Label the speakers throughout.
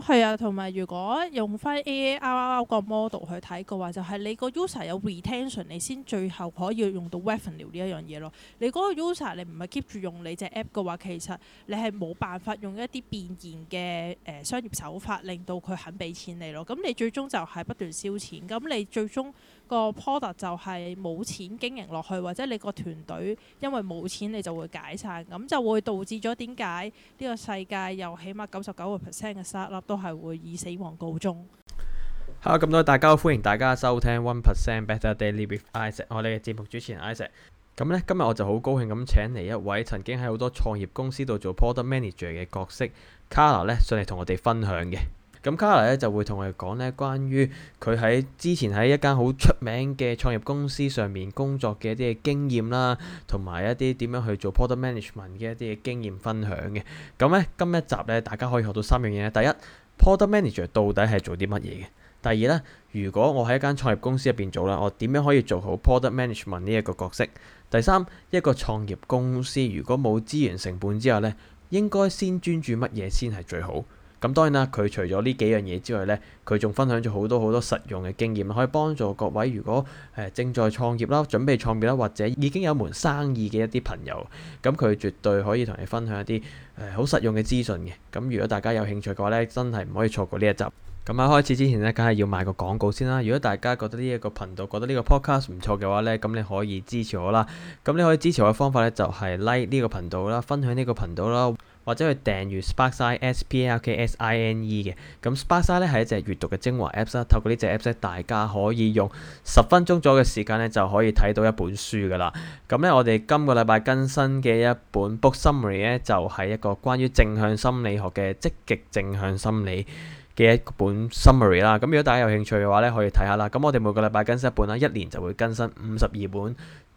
Speaker 1: 係啊，同埋、嗯、如果用翻 AAR 個 model 去睇嘅話，就係、是、你個 user 有 retention，你先最後可以用到 revenue 呢一樣嘢咯。你嗰個 user 你唔係 keep 住用你隻 app 嘅話，其實你係冇辦法用一啲變現嘅誒商業手法，令到佢肯俾錢你咯。咁、嗯、你最終就係不斷燒錢，咁、嗯、你最終。個 product 就係冇錢經營落去，或者你個團隊因為冇錢，你就會解散，咁就會導致咗點解呢個世界又起碼九十九個 percent 嘅 startup 都係會以死亡告終。
Speaker 2: 好，咁多大家，歡迎大家收聽 One Percent Better Daily With Isaac，我哋嘅節目主持人 Isaac，咁呢，今日我就好高興咁請嚟一位曾經喺好多創業公司度做 product manager 嘅角色 Carla 咧上嚟同我哋分享嘅。咁卡莉咧就會同我哋講咧，關於佢喺之前喺一間好出名嘅創業公司上面工作嘅一啲經驗啦，同埋一啲點樣去做 product management 嘅一啲經驗分享嘅。咁呢，今一集呢，大家可以學到三樣嘢。第一，product manager 到底係做啲乜嘢嘅？第二呢，如果我喺一間創業公司入邊做啦，我點樣可以做好 product management 呢一個角色？第三，一個創業公司如果冇資源成本之後呢，應該先專注乜嘢先係最好？咁當然啦，佢除咗呢幾樣嘢之外呢，佢仲分享咗好多好多實用嘅經驗，可以幫助各位如果誒正在創業啦、準備創業啦，或者已經有門生意嘅一啲朋友，咁佢絕對可以同你分享一啲誒好實用嘅資訊嘅。咁如果大家有興趣嘅話呢，真係唔可以錯過呢一集。咁喺開始之前呢，梗係要賣個廣告先啦。如果大家覺得呢一個頻道、覺得呢個 podcast 唔錯嘅話呢，咁你可以支持我啦。咁你可以支持我嘅方法呢，就係 like 呢個頻道啦，分享呢個頻道啦。或者去訂閱 Sparkside S P A R K S I N E 嘅，咁 Sparkside 咧係一隻閱讀嘅精華 app 啦。透過呢隻 app 咧，大家可以用十分鐘左右嘅時間咧，就可以睇到一本書噶啦。咁咧，我哋今個禮拜更新嘅一本 book summary 咧，就係一個關於正向心理學嘅積極正向心理嘅一本 summary 啦。咁如果大家有興趣嘅話咧，可以睇下啦。咁我哋每個禮拜更新一本啦，一年就會更新五十二本。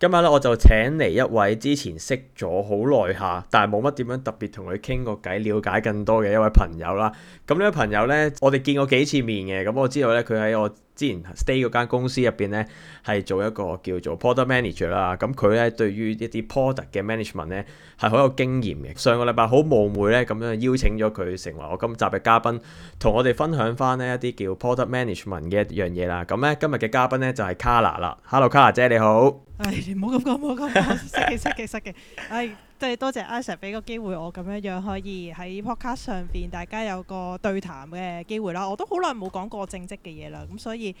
Speaker 2: 今日咧，我就請嚟一位之前識咗好耐下，但係冇乜點樣特別同佢傾過偈，了解更多嘅一位朋友啦。咁、嗯、呢位朋友咧，我哋見過幾次面嘅。咁、嗯、我知道咧，佢喺我之前 stay 嗰間公司入邊咧係做一個叫做 product manager 啦。咁佢咧對於一啲 product 嘅 management 咧係好有經驗嘅。上個禮拜好冒昧咧，咁樣邀請咗佢成為我今集嘅嘉賓，同我哋分享翻呢一啲叫 product management 嘅一樣嘢啦。咁、嗯、咧今日嘅嘉賓咧就係 Kara 啦。Hello，Kara 姐你好。唉，唔好咁
Speaker 1: 講，唔好咁講，失敬失敬失敬。唉，真係多謝阿 Sir 俾個機會我咁樣樣，可以喺 podcast 上邊大家有個對談嘅機會啦。我都好耐冇講過正職嘅嘢啦，咁所以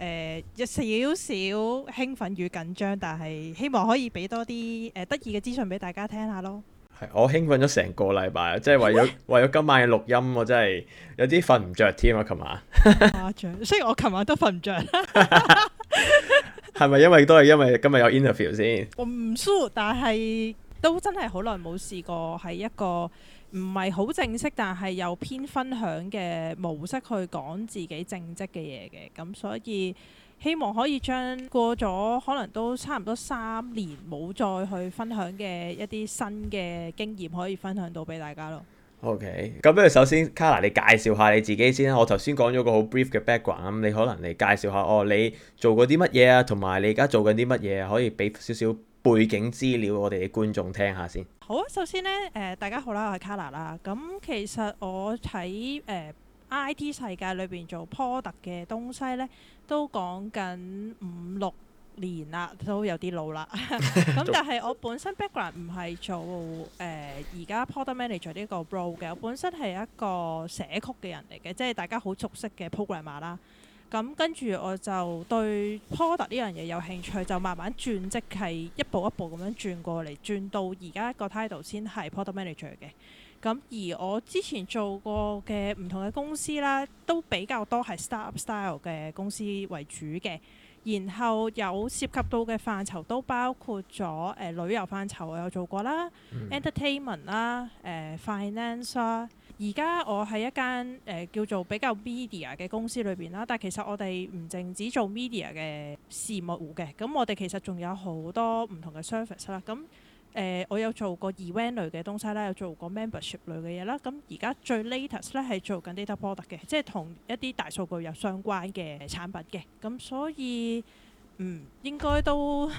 Speaker 1: 誒有、呃、少少興奮與緊張，但係希望可以俾多啲誒、呃、得意嘅資訊俾大家聽下咯。
Speaker 2: 係，我興奮咗成個禮拜，即係為咗為咗今晚嘅錄音，我真係有啲瞓唔着添啊！琴晚
Speaker 1: 誇張， 雖然我琴晚都瞓唔着。
Speaker 2: 係咪因為都係因為今日有 interview 先？
Speaker 1: 我唔 sure，但係都真係好耐冇試過係一個唔係好正式，但係又偏分享嘅模式去講自己正職嘅嘢嘅，咁所以希望可以將過咗可能都差唔多三年冇再去分享嘅一啲新嘅經驗可以分享到俾大家咯。
Speaker 2: OK，咁不如首先 Carla 你介紹下你自己先。我頭先講咗個好 brief 嘅 background，咁你可能嚟介紹下哦，你做過啲乜嘢啊，同埋你而家做緊啲乜嘢，可以俾少少背景資料我哋嘅觀眾聽下先。
Speaker 1: 好啊，首先呢，誒、呃、大家好啦，我係 Carla 啦。咁、嗯、其實我喺誒、呃、IT 世界裏邊做 product 嘅東西呢，都講緊五六年啦，都有啲老啦。咁 但係我本身 background 唔係做誒而家 product manager 呢個 role 嘅，我本身係一個寫曲嘅人嚟嘅，即係大家好熟悉嘅 programmer 啦、啊。咁、啊、跟住我就對 product 呢樣嘢有興趣，就慢慢轉職，係、就是、一步一步咁樣轉過嚟，轉到而家個 title 先係 product manager 嘅。咁、啊、而我之前做過嘅唔同嘅公司啦、啊，都比較多係 startup style 嘅公司為主嘅。然後有涉及到嘅範疇都包括咗誒、呃、旅遊範疇，我有做過啦、嗯，entertainment 啦、呃，誒 finance 啦、啊。而家我喺一間誒、呃、叫做比較 media 嘅公司裏邊啦，但其實我哋唔淨止做 media 嘅事務嘅，咁我哋其實仲有好多唔同嘅 service 啦、啊，咁、嗯。呃，我有做過 event 類嘅東西啦，有做過 membership 類嘅嘢啦，咁而家最 latest 咧係做緊 data product 嘅，即係同一啲大數據有相關嘅產品嘅，咁所以嗯應該都。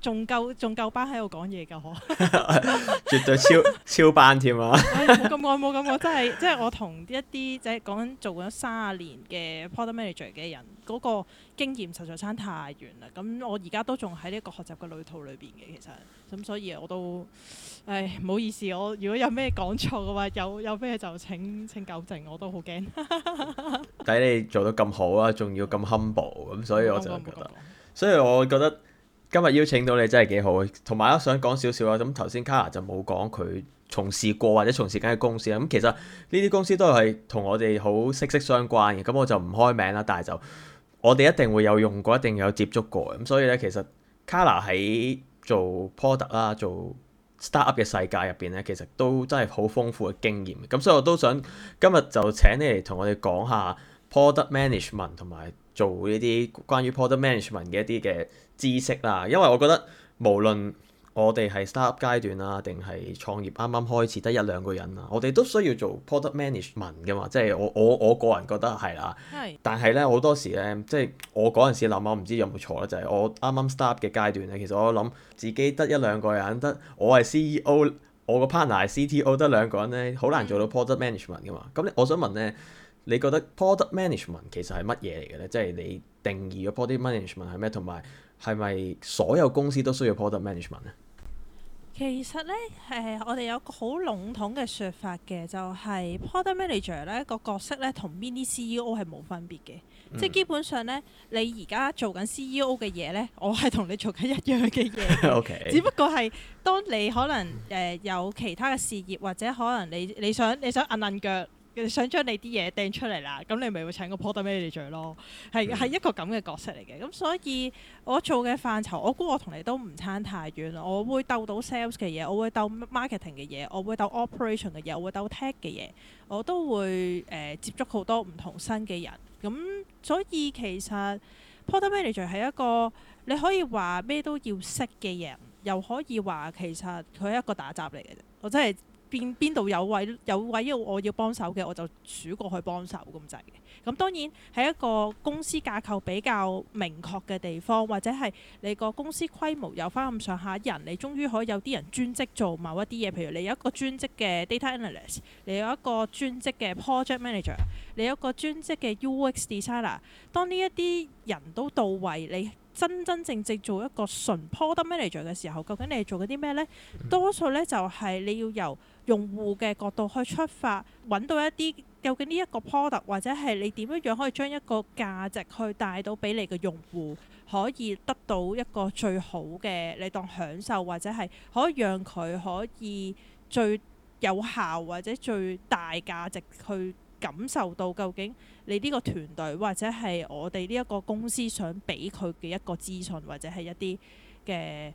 Speaker 1: 仲夠仲夠班喺度講嘢噶呵， 絕對超
Speaker 2: 超班添啊！咁、
Speaker 1: 哎、我冇咁我真係即係我同一啲即係講緊做咗三年嘅 product manager 嘅人，嗰、那個經驗實在差太遠啦！咁我而家都仲喺呢個學習嘅旅途裏邊嘅，其實咁所以我都唉、哎、唔好意思。我如果有咩講錯嘅話，有有咩就請請糾正，我都好驚。
Speaker 2: 睇 你做得咁好啊，仲要咁 humble，咁 所以我就覺、是、得，所以我覺得。 今日邀請到你真係幾好，同埋我想講少少啊。咁頭先 Carla 就冇講佢從事過或者從事緊嘅公司啊。咁其實呢啲公司都係同我哋好息息相關嘅。咁我就唔開名啦，但係就我哋一定會有用過，一定有接觸過。咁所以咧，其實 Carla 喺做 product 啦，做 startup 嘅世界入邊咧，其實都真係好豐富嘅經驗。咁所以我都想今日就請你嚟同我哋講下 product management 同埋。做呢啲關於 product management 嘅一啲嘅知識啦，因為我覺得無論我哋係 startup 階段啦，定係創業啱啱開始得一兩個人啊，我哋都需要做 product management 噶嘛，即係我我我個人覺得係啦。是但係咧，好多時咧，即係我嗰陣時諗下，我唔知有冇錯咧，就係、是、我啱啱 startup 嘅階段咧，其實我諗自己得一兩個人，得我係 CEO，我個 partner 係 CTO，得兩個人咧，好難做到 product management 噶嘛。咁我想問咧。你覺得 product management 其實係乜嘢嚟嘅呢？即、就、係、是、你定義個 product management 係咩？同埋係咪所有公司都需要 product management 呢？
Speaker 1: 其實呢，誒、呃，我哋有個好籠統嘅說法嘅，就係、是、product manager 呢個角色呢，同 Mini CEO 係冇分別嘅。嗯、即係基本上呢，你而家做緊 CEO 嘅嘢呢，我係同你做緊一樣嘅嘢。
Speaker 2: O K。只
Speaker 1: 不過係當你可能誒、呃、有其他嘅事業，或者可能你你想你想揞揞腳。想將你啲嘢掟出嚟啦，咁你咪會請個 product manager 咯，係係一個咁嘅角色嚟嘅。咁所以我做嘅範疇，我估我同你都唔差太遠啦。我會鬥到 sales 嘅嘢，我會鬥 marketing 嘅嘢，我會鬥 operation 嘅嘢，我會鬥 tech 嘅嘢，我都會誒、呃、接觸好多唔同新嘅人。咁所以其實 product manager 係一個你可以話咩都要識嘅嘢，又可以話其實佢係一個打雜嚟嘅。我真係～邊邊度有位有位要我要幫手嘅，我就鼠過去幫手咁滯嘅。咁當然喺一個公司架構比較明確嘅地方，或者係你個公司規模有返咁上下人，你終於可以有啲人專職做某一啲嘢。譬如你有一個專職嘅 data analyst，你有一個專職嘅 project manager，你有一個專職嘅 UX designer。當呢一啲人都到位，你真真正正做一個純 product manager 嘅時候，究竟你係做緊啲咩呢？多數呢，就係你要由用戶嘅角度去出發，揾到一啲究竟呢一個 product，或者係你點樣樣可以將一個價值去帶到俾你嘅用戶，可以得到一個最好嘅你當享受，或者係可以讓佢可以最有效或者最大價值去感受到究竟你呢個團隊或者係我哋呢一個公司想俾佢嘅一個資訊或者係一啲嘅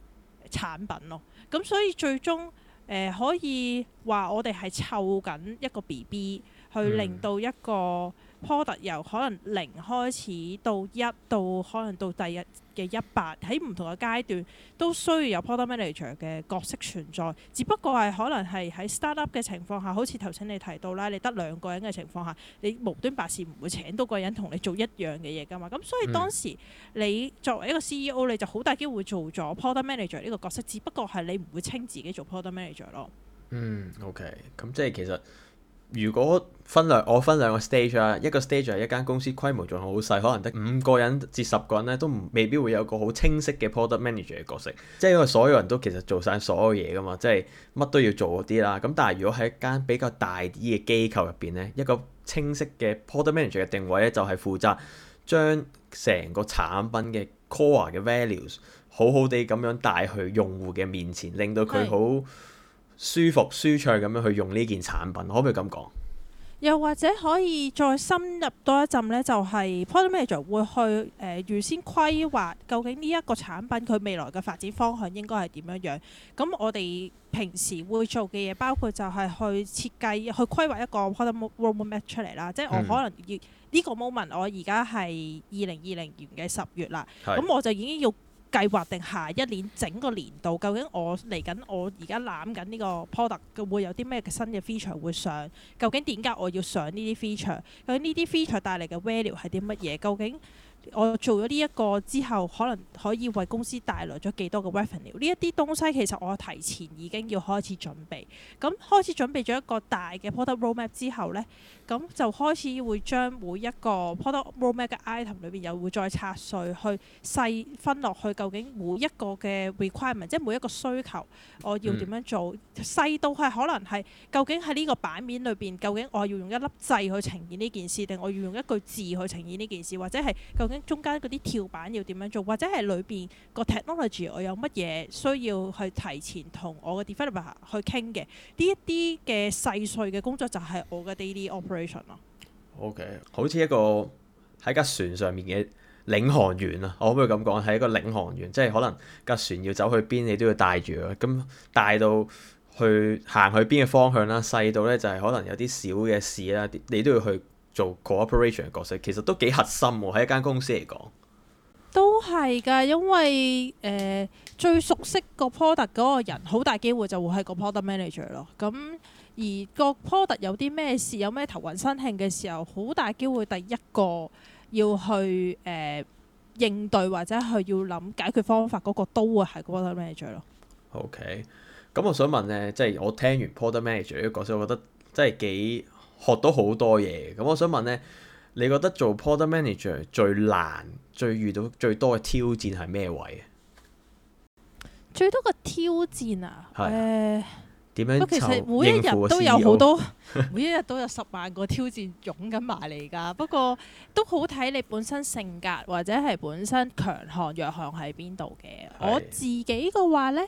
Speaker 1: 產品咯。咁所以最終。誒、呃，可以話我哋係湊緊一個 BB，去令到一個。嗯 Product 由可能零開始到一到可能到第日嘅一百，喺唔同嘅階段都需要有 Product Manager 嘅角色存在。只不過係可能係喺 startup 嘅情況下，好似頭先你提到啦，你得兩個人嘅情況下，你無端白事唔會請到個人同你做一樣嘅嘢㗎嘛。咁所以當時你作為一個 CEO，你就好大機會做咗 Product Manager 呢個角色。只不過係你唔會稱自己做 Product Manager 咯。嗯
Speaker 2: ，OK，咁即係其實。如果分兩，我分兩個 stage 啊，一個 stage 係一間公司規模仲好細，可能得五個人至十個人咧，都唔未必會有個好清晰嘅 product manager 嘅角色，即係因為所有人都其實做晒所有嘢噶嘛，即係乜都要做嗰啲啦。咁但係如果喺一間比較大啲嘅機構入邊咧，一個清晰嘅 product manager 嘅定位咧，就係、是、負責將成個產品嘅 core 嘅 values 好好地咁樣帶去用戶嘅面前，令到佢好舒服舒暢咁樣去用呢件產品，可唔可以咁講？
Speaker 1: 又或者可以再深入多一陣呢？就係、是、product、um、manager 會去誒、呃、預先規劃，究竟呢一個產品佢未來嘅發展方向應該係點樣樣？咁我哋平時會做嘅嘢，包括就係去設計、去規劃一個 product roadmap 出嚟啦。嗯、即係我可能要呢個 moment，我而家係二零二零年嘅十月啦，咁是我就已經要，計劃定下一年整個年度，究竟我嚟緊，我而家攬緊呢個 product 會有啲咩新嘅 feature 會上？究竟點解我要上呢啲 feature？究竟呢啲 feature 帶嚟嘅 value 係啲乜嘢？究竟我做咗呢一個之後，可能可以為公司帶來咗幾多嘅 revenue？呢一啲東西其實我提前已經要開始準備。咁開始準備咗一個大嘅 product roadmap 之後呢。咁就開始會將每一個 product roadmap 嘅 item 裏邊又會再拆碎，去細分落去究竟每一個嘅 requirement，即係每一個需求，我要點樣做、嗯、細到係可能係究竟喺呢個版面裏邊，究竟我要用一粒掣去呈現呢件事，定我要用一句字去呈現呢件事，或者係究竟中間嗰啲跳板要點樣做，或者係裏邊個 technology 我有乜嘢需要去提前同我嘅 developer 去傾嘅，呢一啲嘅細碎嘅工作就係我嘅 daily operation。
Speaker 2: OK，好似一個喺架船上面嘅領航員啊，我可唔可以咁講？係一個領航員，即係可能架船要走去邊，你都要帶住啊。咁大到去行去邊嘅方向啦，細到呢就係、是、可能有啲小嘅事啦，你都要去做 cooperation 嘅角色。其實都幾核心喎，喺一間公司嚟講，
Speaker 1: 都係噶，因為誒、呃、最熟悉個 product 嗰個人，好大機會就會係個 product manager 咯。咁而個 product 有啲咩事，有咩頭暈身㷫嘅時候，好大機會第一個要去誒、呃、應對，或者係要諗解決方法嗰個都會係 product manager 咯。OK，
Speaker 2: 咁、嗯嗯、我想問呢，即係我聽完 product manager 呢個角色，我覺得真係幾學到好多嘢。咁、嗯、我想問呢，你覺得做 product manager 最難、最遇到最多嘅挑戰係咩位
Speaker 1: 啊？最多嘅挑戰啊，誒、啊。呃
Speaker 2: 不過其實每一日都有好多，
Speaker 1: 每一日都有十萬個挑戰湧緊埋嚟㗎。 不過都好睇你本身性格或者係本身強項弱項喺邊度嘅。的我自己嘅話呢。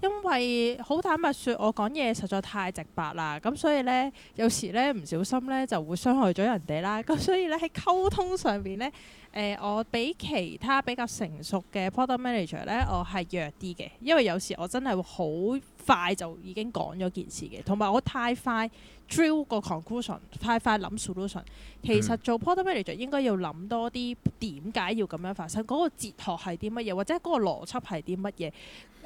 Speaker 1: 因為好坦白說，我講嘢實在太直白啦，咁所以呢，有時呢唔小心呢就會傷害咗人哋啦。咁所以呢，喺溝通上面呢，誒、呃、我比其他比較成熟嘅 product manager 呢，我係弱啲嘅，因為有時我真係會好快就已經講咗件事嘅，同埋我太快 draw 個 conclusion，太快諗 solution。其實做 product manager 應該要諗多啲點解要咁樣發生，嗰個哲學係啲乜嘢，或者嗰個邏輯係啲乜嘢。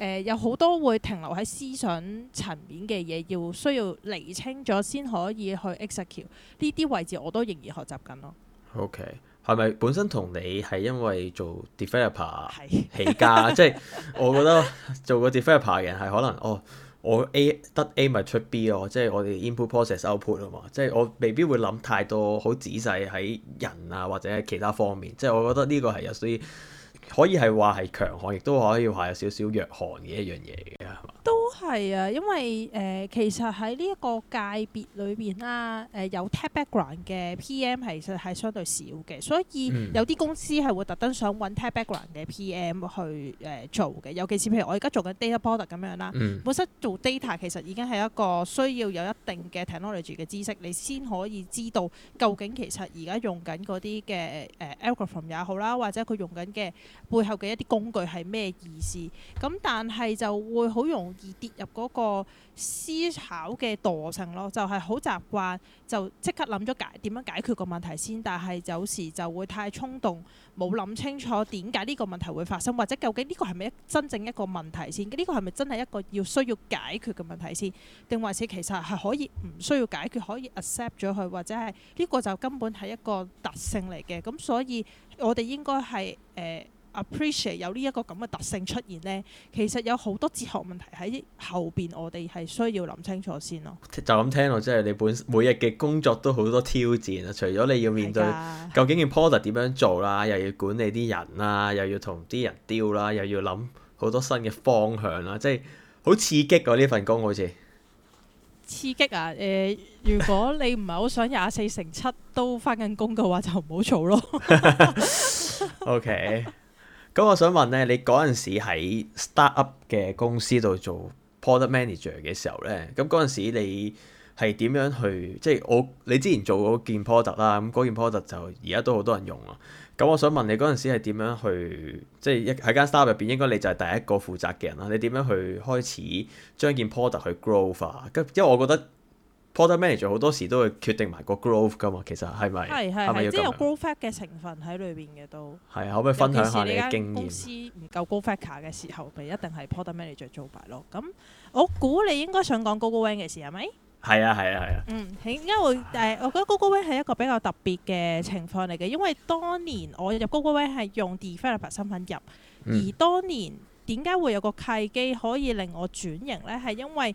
Speaker 1: 誒、呃、有好多會停留喺思想層面嘅嘢，要需要釐清咗先可以去 execute 呢啲位置，我都仍然學習緊咯。
Speaker 2: OK，係咪本身同你係因為做 developer 是起家？ 即係我覺得做個 developer 嘅人係可能 哦，我 A 得 A 咪出 B 咯、哦，即係我哋 input process output 啊、哦、嘛。即係我未必會諗太多好仔細喺人啊或者其他方面。即係我覺得呢個係有啲。可以係話係強項，亦都可以話有少少弱項嘅一樣嘢嘅，係嘛？
Speaker 1: 都係啊，因為誒、呃，其實喺呢一個界別裏面啦，誒、呃、有 tech background 嘅 PM 係實係相對少嘅，所以有啲公司係會特登想揾 tech background 嘅 PM 去誒、呃、做嘅。尤其是譬如我而家做緊 data porter 咁樣啦，嗯、本身做 data 其實已經係一個需要有一定嘅 technology 嘅知識，你先可以知道究竟其實而家用緊嗰啲嘅誒 algorithm 也好啦，或者佢用緊嘅。背後嘅一啲工具係咩意思？咁但係就會好容易跌入嗰個思考嘅惰性咯，就係好習慣，就即刻諗咗解點樣解決個問題先。但係有時就會太衝動，冇諗清楚點解呢個問題會發生，或者究竟呢個係咪一真正一個問題先？呢個係咪真係一個要需要解決嘅問題先？定還是其實係可以唔需要解決，可以 accept 咗佢，或者係呢個就根本係一個特性嚟嘅？咁所以我哋應該係誒 appreciate 有呢一個咁嘅特性出現咧。其實有好多哲學問題喺後邊，我哋係。需要諗清楚先咯。
Speaker 2: 就咁聽落，即係你本每日嘅工作都好多挑戰啊！除咗你要面對，究竟要 product 點樣做啦，的又要管理啲人啦，又要同啲人 deal 啦，又要諗好多新嘅方向啦，即係好，刺激，好刺激啊！呢份工好似
Speaker 1: 刺激啊！誒，如果你唔係好想廿四成七都翻緊工嘅話，就唔好做咯。
Speaker 2: OK，咁我想問咧，你嗰陣時喺 startup 嘅公司度做？Product Manager 嘅時候咧，咁嗰陣時你係點樣去？即係我你之前做嗰件 product 啦，咁嗰件 product 就而家都好多人用啊。咁我想問你嗰陣時係點樣去？即係一喺間 startup 入邊，應該你就係第一個負責嘅人啦。你點樣去開始將件 product 去 grow 翻？咁因為我覺得。Product manager 好多時都會決定埋個 growth 噶嘛，其實係咪？係係係，是是即係有
Speaker 1: growth fact 嘅成分喺裏邊嘅都。
Speaker 2: 係啊，可唔可以分享下你嘅經驗？公司
Speaker 1: 唔夠 growth fact 嘅時候，咪一定係 product manager 做埋咯。咁我估你應該想講 Gogo Way 嘅事係咪？
Speaker 2: 係啊係啊
Speaker 1: 係啊。啊啊嗯，因為誒，我覺得 Gogo Way 係一個比較特別嘅情況嚟嘅，因為當年我入 Gogo Way 係用 developer 身份入，嗯、而當年點解會有個契機可以令我轉型咧？係因為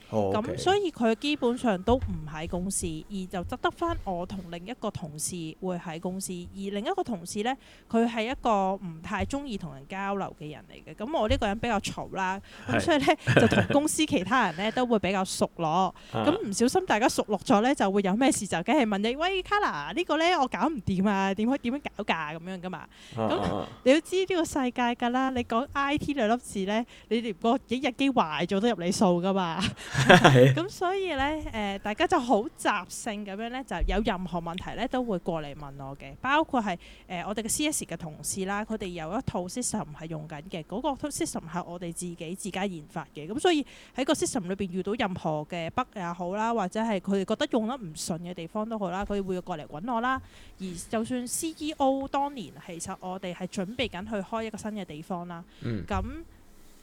Speaker 1: 咁、哦 okay。嗯、所以佢基本上都唔喺公司，而就得得翻我同另一個同事會喺公司，而另一個同事呢，佢係一個唔太中意同人交流嘅人嚟嘅。咁、嗯、我呢個人比較嘈啦，咁、嗯、所以呢，就同公司其他人呢 都會比較熟絡。咁、嗯、唔、 嗯、小心大家熟絡咗呢，就會有咩事就梗係問你：喂卡 a l 呢個咧我搞唔掂啊？點可以點樣搞㗎？咁樣㗎嘛？咁你要知呢個世界㗎啦，你講 I T 兩粒字呢，你連個一日機壞咗都入你數㗎嘛？ 咁 所以咧，誒大家就好雜性咁樣咧，就有任何問題咧，都會過嚟問我嘅，包括係誒、呃、我哋嘅 C.S. 嘅同事啦，佢哋有一套 system 係用緊嘅，嗰、那個 system 係我哋自己自家研發嘅，咁所以喺個 system 裏邊遇到任何嘅 bug 也好啦，或者係佢哋覺得用得唔順嘅地方都好啦，佢會過嚟揾我啦。而就算 C.E.O. 當年其實我哋係準備緊去開一個新嘅地方啦，咁。嗯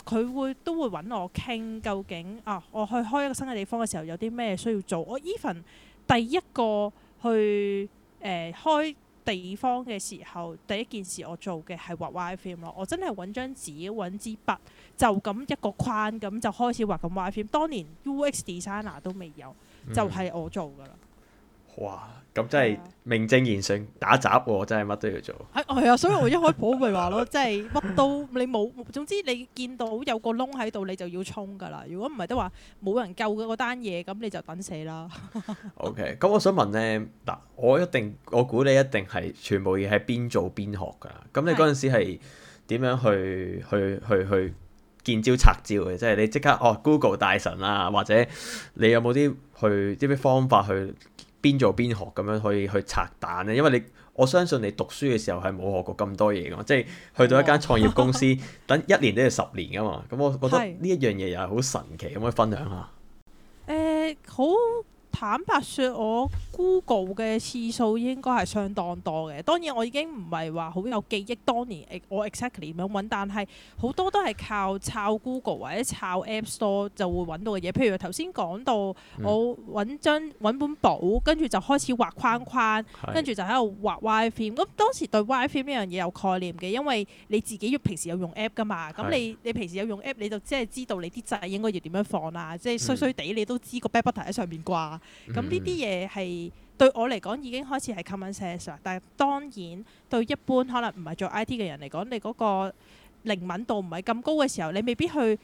Speaker 1: 佢會都會揾我傾，究竟啊，我去開一個新嘅地方嘅時候有啲咩需要做？我 even 第一個去誒、呃、開地方嘅時候，第一件事我做嘅係畫 wireframe 咯。我真係揾張紙揾支筆，就咁一個框咁就開始畫緊 wireframe a 當年 UX designer 都未有，嗯、就係我做噶啦。
Speaker 2: 哇！咁真係名正言順打雜喎，真係乜都要做。
Speaker 1: 係啊、 嗯，所以我一開波咪話咯，即係乜都你冇，總之你見到有個窿喺度，你就要衝噶啦。如果唔係，都話冇人救嘅嗰單嘢，咁你就等死啦。
Speaker 2: OK，咁我想問咧，嗱，我一定我估你一定係全部嘢係邊做邊學噶。咁你嗰陣時係點樣去去去去見招拆招嘅？即係你即刻哦，Google 大神啊，或者你有冇啲去啲咩方法去？邊做邊學咁樣可以去拆彈咧？因為你我相信你讀書嘅時候係冇學過咁多嘢嘅，即係去到一間創業公司， 等一年都要十年嘅嘛。咁我覺得呢一樣嘢又係好神奇，是可以分享下。
Speaker 1: 誒、呃，好。坦白說，我 Google 嘅次數應該係相當多嘅。當然，我已經唔係話好有記憶，當年我 exactly 咁樣揾，但係好多都係靠抄 Google 或者抄 App Store 就會揾到嘅嘢。譬如頭先講到我揾張揾、嗯、本簿，跟住就開始畫框框，跟住是就喺度畫 wireframe。咁當時對 wireframe 呢樣嘢有概念嘅，因為你自己要平時有用 App 㗎嘛。咁你你平時有用 App，你就即係知道你啲掣應該要點樣放啦、啊。是即係衰衰哋，你都知個 back button 喺上面啩。咁呢啲嘢係對我嚟講已經開始係 common sense 啦，但係當然對一般可能唔係做 IT 嘅人嚟講，你嗰個靈敏度唔係咁高嘅時候，你未必去誒、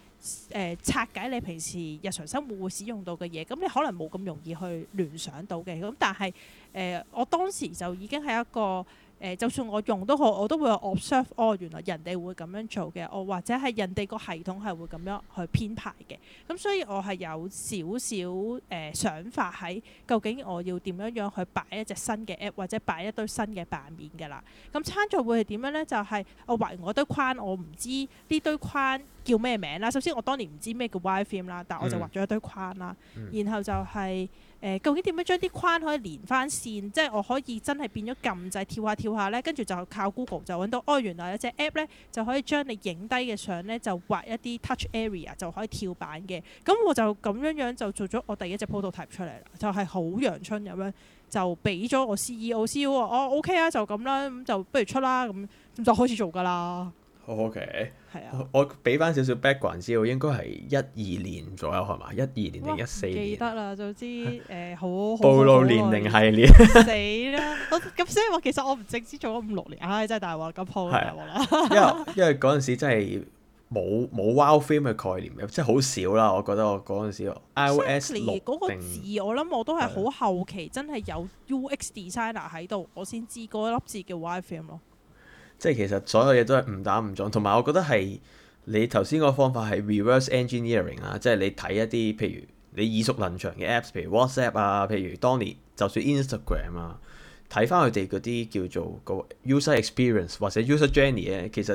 Speaker 1: 呃、拆解你平時日常生活會使用到嘅嘢，咁你可能冇咁容易去聯想到嘅，咁但係誒、呃、我當時就已經係一個。誒、呃，就算我用都好，我都會有 observe 哦。原來人哋會咁樣做嘅，我、哦、或者係人哋個系統係會咁樣去編排嘅。咁、嗯、所以我係有少少誒、呃、想法喺究竟我要點樣樣去擺一隻新嘅 app，或者擺一堆新嘅版面嘅啦。咁參賽會係點樣呢？就係我畫完我堆框，我唔知呢堆框叫咩名啦。首先我當年唔知咩叫 wireframe 啦，但係我就畫咗一堆框啦。然後就係、是。呃、究竟點樣將啲框可以連翻線？即係我可以真係變咗撳掣跳下跳下呢？跟住就靠 Google 就揾到。哦，原來有隻 app 呢，就可以將你影低嘅相呢，就畫一啲 touch area 就可以跳板嘅。咁我就咁樣樣就做咗我第一隻 prototype 出嚟啦，就係好陽春咁樣就俾咗我 CEO。CEO 哦，OK 啊，就咁啦，咁就不如出啦，咁就開始做㗎啦。
Speaker 2: O K，係啊，我俾翻少少 background 知道，應該係一二年左右係嘛，一二年定一四年，記
Speaker 1: 得啦。總之誒，好暴露年齡系列，死啦！咁所以話，其實我唔淨止做咗五六年，唉，真係大話咁破嘅，因為
Speaker 2: 因為嗰陣時真係冇冇 wireframe 嘅概念嘅，即係好少啦。我覺得我嗰陣時，iOS 六嗰個字，
Speaker 1: 我諗我都係好後期，真係有 UX designer 喺度，我先知嗰粒字叫 wireframe 咯。
Speaker 2: 即係其實所有嘢都係誤打誤撞，同埋我覺得係你頭先個方法係 reverse engineering 啊，即係你睇一啲譬如你耳熟能詳嘅 apps，譬如 WhatsApp 啊，譬如當年就算 Instagram 啊，睇翻佢哋嗰啲叫做個 user experience 或者 user journey 咧，其實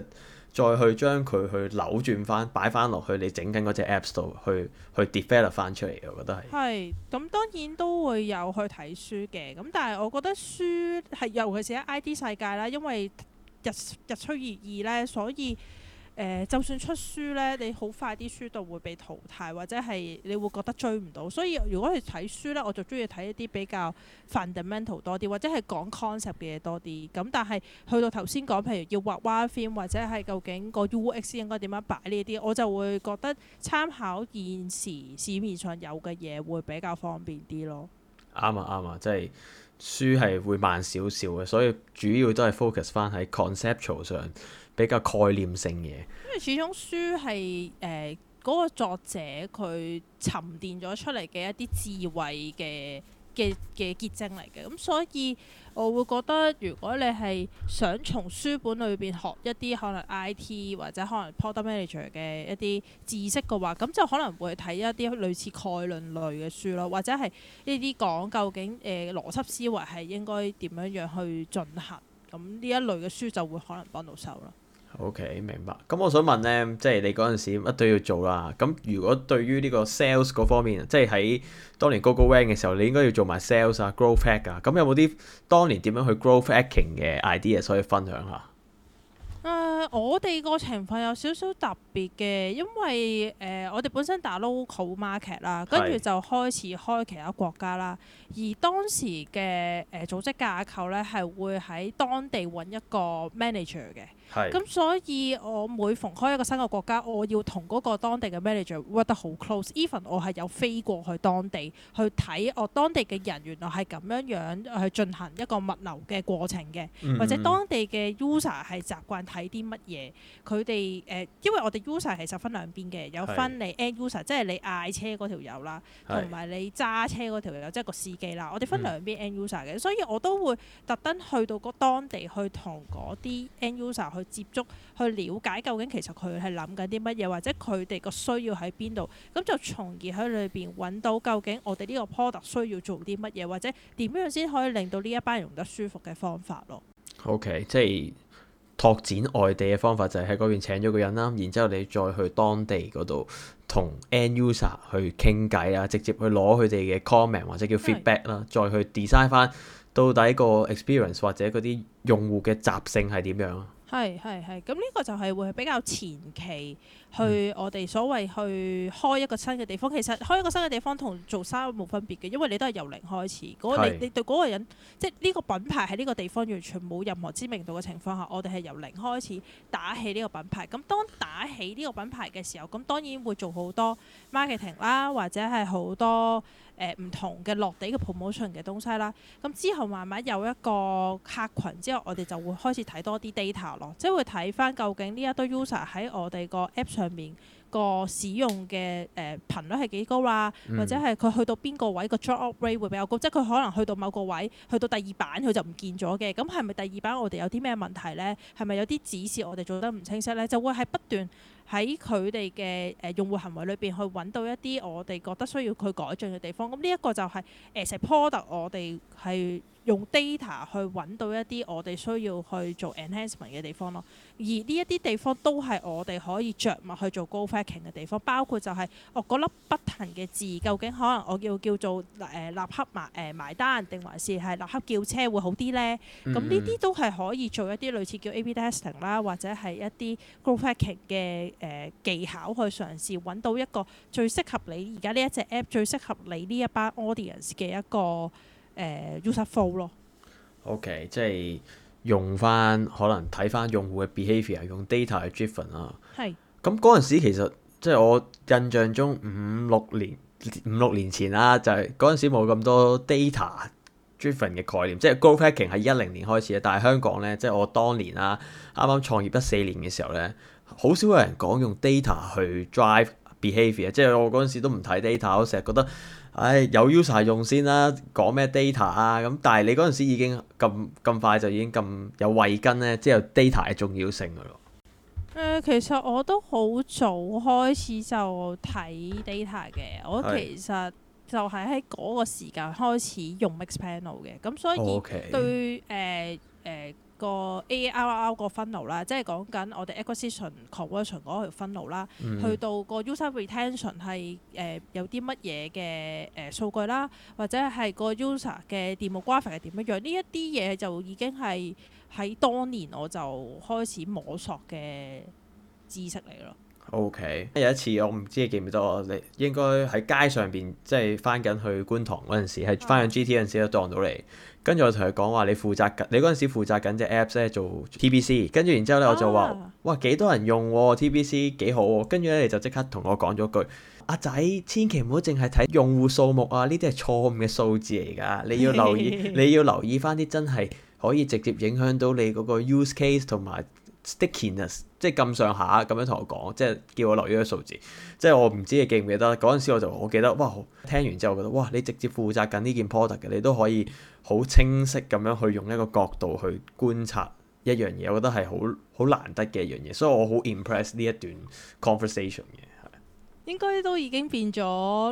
Speaker 2: 再去將佢去扭轉翻，擺翻落去你整緊嗰隻 apps 度去去 develop 翻出嚟嘅，我覺得係。
Speaker 1: 係，咁當然都會有去睇書嘅，咁但係我覺得書係尤其是喺 ID 世界啦，因為日出而異呢，所以、呃、就算出書呢，你好快啲書都會被淘汰，或者係你會覺得追唔到。所以如果係睇書呢，我就中意睇一啲比較 fundamental 多啲，或者係講 concept 嘅嘢多啲。咁但係去到頭先講，譬如要畫 wifi 或者係究竟個 UX 應該點樣擺呢啲，我就會覺得參考現時市面上有嘅嘢會比較方便啲咯。
Speaker 2: 啱啊、嗯，啱、嗯、啊，即、嗯、係。嗯書係會慢少少嘅，所以主要都係 focus 翻喺 conceptual 上比較概念性嘢。因
Speaker 1: 為始終書係誒嗰個作者佢沉澱咗出嚟嘅一啲智慧嘅。嘅嘅結晶嚟嘅，咁所以我會覺得如果你係想從書本裏邊學一啲可能 IT 或者可能 product manager 嘅一啲知識嘅話，咁就可能會睇一啲類似概論類嘅書咯，或者係呢啲講究竟誒邏輯思維係應該點樣樣去進行，咁呢一類嘅書就會可能幫到手咯。
Speaker 2: O、okay, K. 明白。咁我想問咧，即係你嗰陣時乜都要做啦。咁如果對於呢個 sales 嗰方面，即係喺當年 GoGoVan 嘅時候，你應該要做埋 sales 啊，growth hack 啊。咁、啊、有冇啲當年點樣去 growth acting 嘅 idea，所以分享下？
Speaker 1: 誒、呃，我哋個情況有少少特別嘅，因為誒、呃、我哋本身打 local market 啦，跟住就開始開其他國家啦。而當時嘅誒、呃、組織架構咧，係會喺當地揾一個 manager 嘅。咁、嗯、所以，我每逢開一個新嘅國家，我要同嗰個當地嘅 manager work 得好 close。Even 我係有飛過去當地去睇，我當地嘅人原來係咁樣樣去進行一個物流嘅過程嘅，或者當地嘅 user 係習慣睇啲乜嘢。佢哋誒，因為我哋 user 係實分兩邊嘅，有分你 end user，即係你嗌車嗰條友啦，同埋是你揸車嗰條友，即係個司機啦。我哋分兩邊 end user 嘅，所以我都會特登去到個當地去同嗰啲 end user 去接觸，去了解究竟其實佢係諗緊啲乜嘢，或者佢哋個需要喺邊度，咁就從而喺裏邊揾到究竟我哋呢個 product 需要做啲乜嘢，或者點樣先可以令到呢一班人用得舒服嘅方法咯。
Speaker 2: OK，即係拓展外地嘅方法就係喺嗰邊請咗個人啦，然之後你再去當地嗰度同 end user 去傾偈啊，直接去攞佢哋嘅 comment 或者叫 feedback 啦的，再去 design 翻到底個 experience 或者嗰啲用戶嘅習性係點樣。
Speaker 1: 係係係，咁呢個就係會比較前期。去我哋所謂去開一個新嘅地方，其實開一個新嘅地方同做生意冇分別嘅，因為你都係由零開始。嗰你是你對嗰個人，即係呢個品牌喺呢個地方完全冇任何知名度嘅情況下，我哋係由零開始打起呢個品牌。咁當打起呢個品牌嘅時候，咁當然會做好多 marketing 啦，或者係好多誒唔、呃、同嘅落地嘅 promotion 嘅東西啦。咁之後慢慢有一個客群之後，我哋就會開始睇多啲 data 咯，即係會睇翻究竟呢一堆 user 喺我哋個 app。上面個使用嘅誒頻率係幾高啊？或者係佢去到邊個位個 drop rate 會比較高，即係佢可能去到某個位，去到第二版佢就唔見咗嘅。咁係咪第二版我哋有啲咩問題呢？係咪有啲指示我哋做得唔清晰呢？就會係不斷喺佢哋嘅誒用戶行為裏邊去揾到一啲我哋覺得需要佢改進嘅地方。咁呢一個就係誒 support 我哋係。用 data 去揾到一啲我哋需要去做 enhancement 嘅地方咯，而呢一啲地方都係我哋可以着墨去做 growth hacking 嘅地方，包括就係、是、哦嗰粒不停嘅字，究竟可能我叫叫做誒、呃、立刻埋誒、呃、埋單定還是係立刻叫車會好啲咧？咁呢啲都係可以做一啲類似叫 A/B testing 啦，或者係一啲 growth hacking 嘅誒技巧去嘗試揾到一個最適合你而家呢一隻 app 最適合你呢一班 audience 嘅一個。誒 useful
Speaker 2: 咯，OK，即係用翻可能睇翻用戶嘅 behaviour，用 data 去 driven 啦是。係。咁嗰陣時其實即係我印象中五六年五六年前啦、啊，就係嗰陣時冇咁多 data driven 嘅概念，即係 Google tracking 係一零年開始咧。但係香港咧，即係我當年啦、啊，啱啱創業一四年嘅時候咧，好少有人講用 data 去 drive。Behaviour 即係我嗰陣時都唔睇 data，我成日覺得，唉有 user 用先啦，講咩 data 啊咁。但係你嗰陣時已經咁咁快就已經咁有慧根咧，即係有 data 嘅重要性㗎咯。
Speaker 1: 誒，其實我都好早開始就睇 data 嘅，我其實就係喺嗰個時間開始用 Mixpanel 嘅，咁所以對誒誒。呃呃個 a r r l 個分流啦，即係講緊我哋 acquisition conversion 嗰條分流啦，去到個 user retention 係誒有啲乜嘢嘅誒數據啦，或者係個 user 嘅 demographic 係點一樣？呢一啲嘢就已經係喺當年我就開始摸索嘅知識嚟咯。
Speaker 2: O.K.，有一次我唔知你記唔記得，我你應該喺街上邊，即係返緊去觀塘嗰陣時，係翻緊 G.T. 嗰陣時，我撞到你。跟住我同佢講話，你負責緊，你嗰陣時負責緊隻 Apps 咧做 T.B.C.，跟住然之後咧，我就話：啊、哇，幾多人用喎、啊？T.B.C. 幾好喎、啊？跟住咧，你就即刻同我講咗句：阿、啊、仔，千祈唔好淨係睇用戶數目啊！呢啲係錯誤嘅數字嚟㗎，你要， 你要留意，你要留意返啲真係可以直接影響到你嗰個 use case 同埋，Stickiness，即係咁上下咁樣同我講，即係叫我留意個數字，即係我唔知你記唔記得嗰陣時，我就我記得，哇！聽完之後，覺得哇，你直接負責緊呢件 product 嘅，你都可以好清晰咁樣去用一個角度去觀察一樣嘢，我覺得係好好難得嘅一樣嘢，所以我好 impress 呢一段 conversation 嘅。
Speaker 1: 應該都已經變咗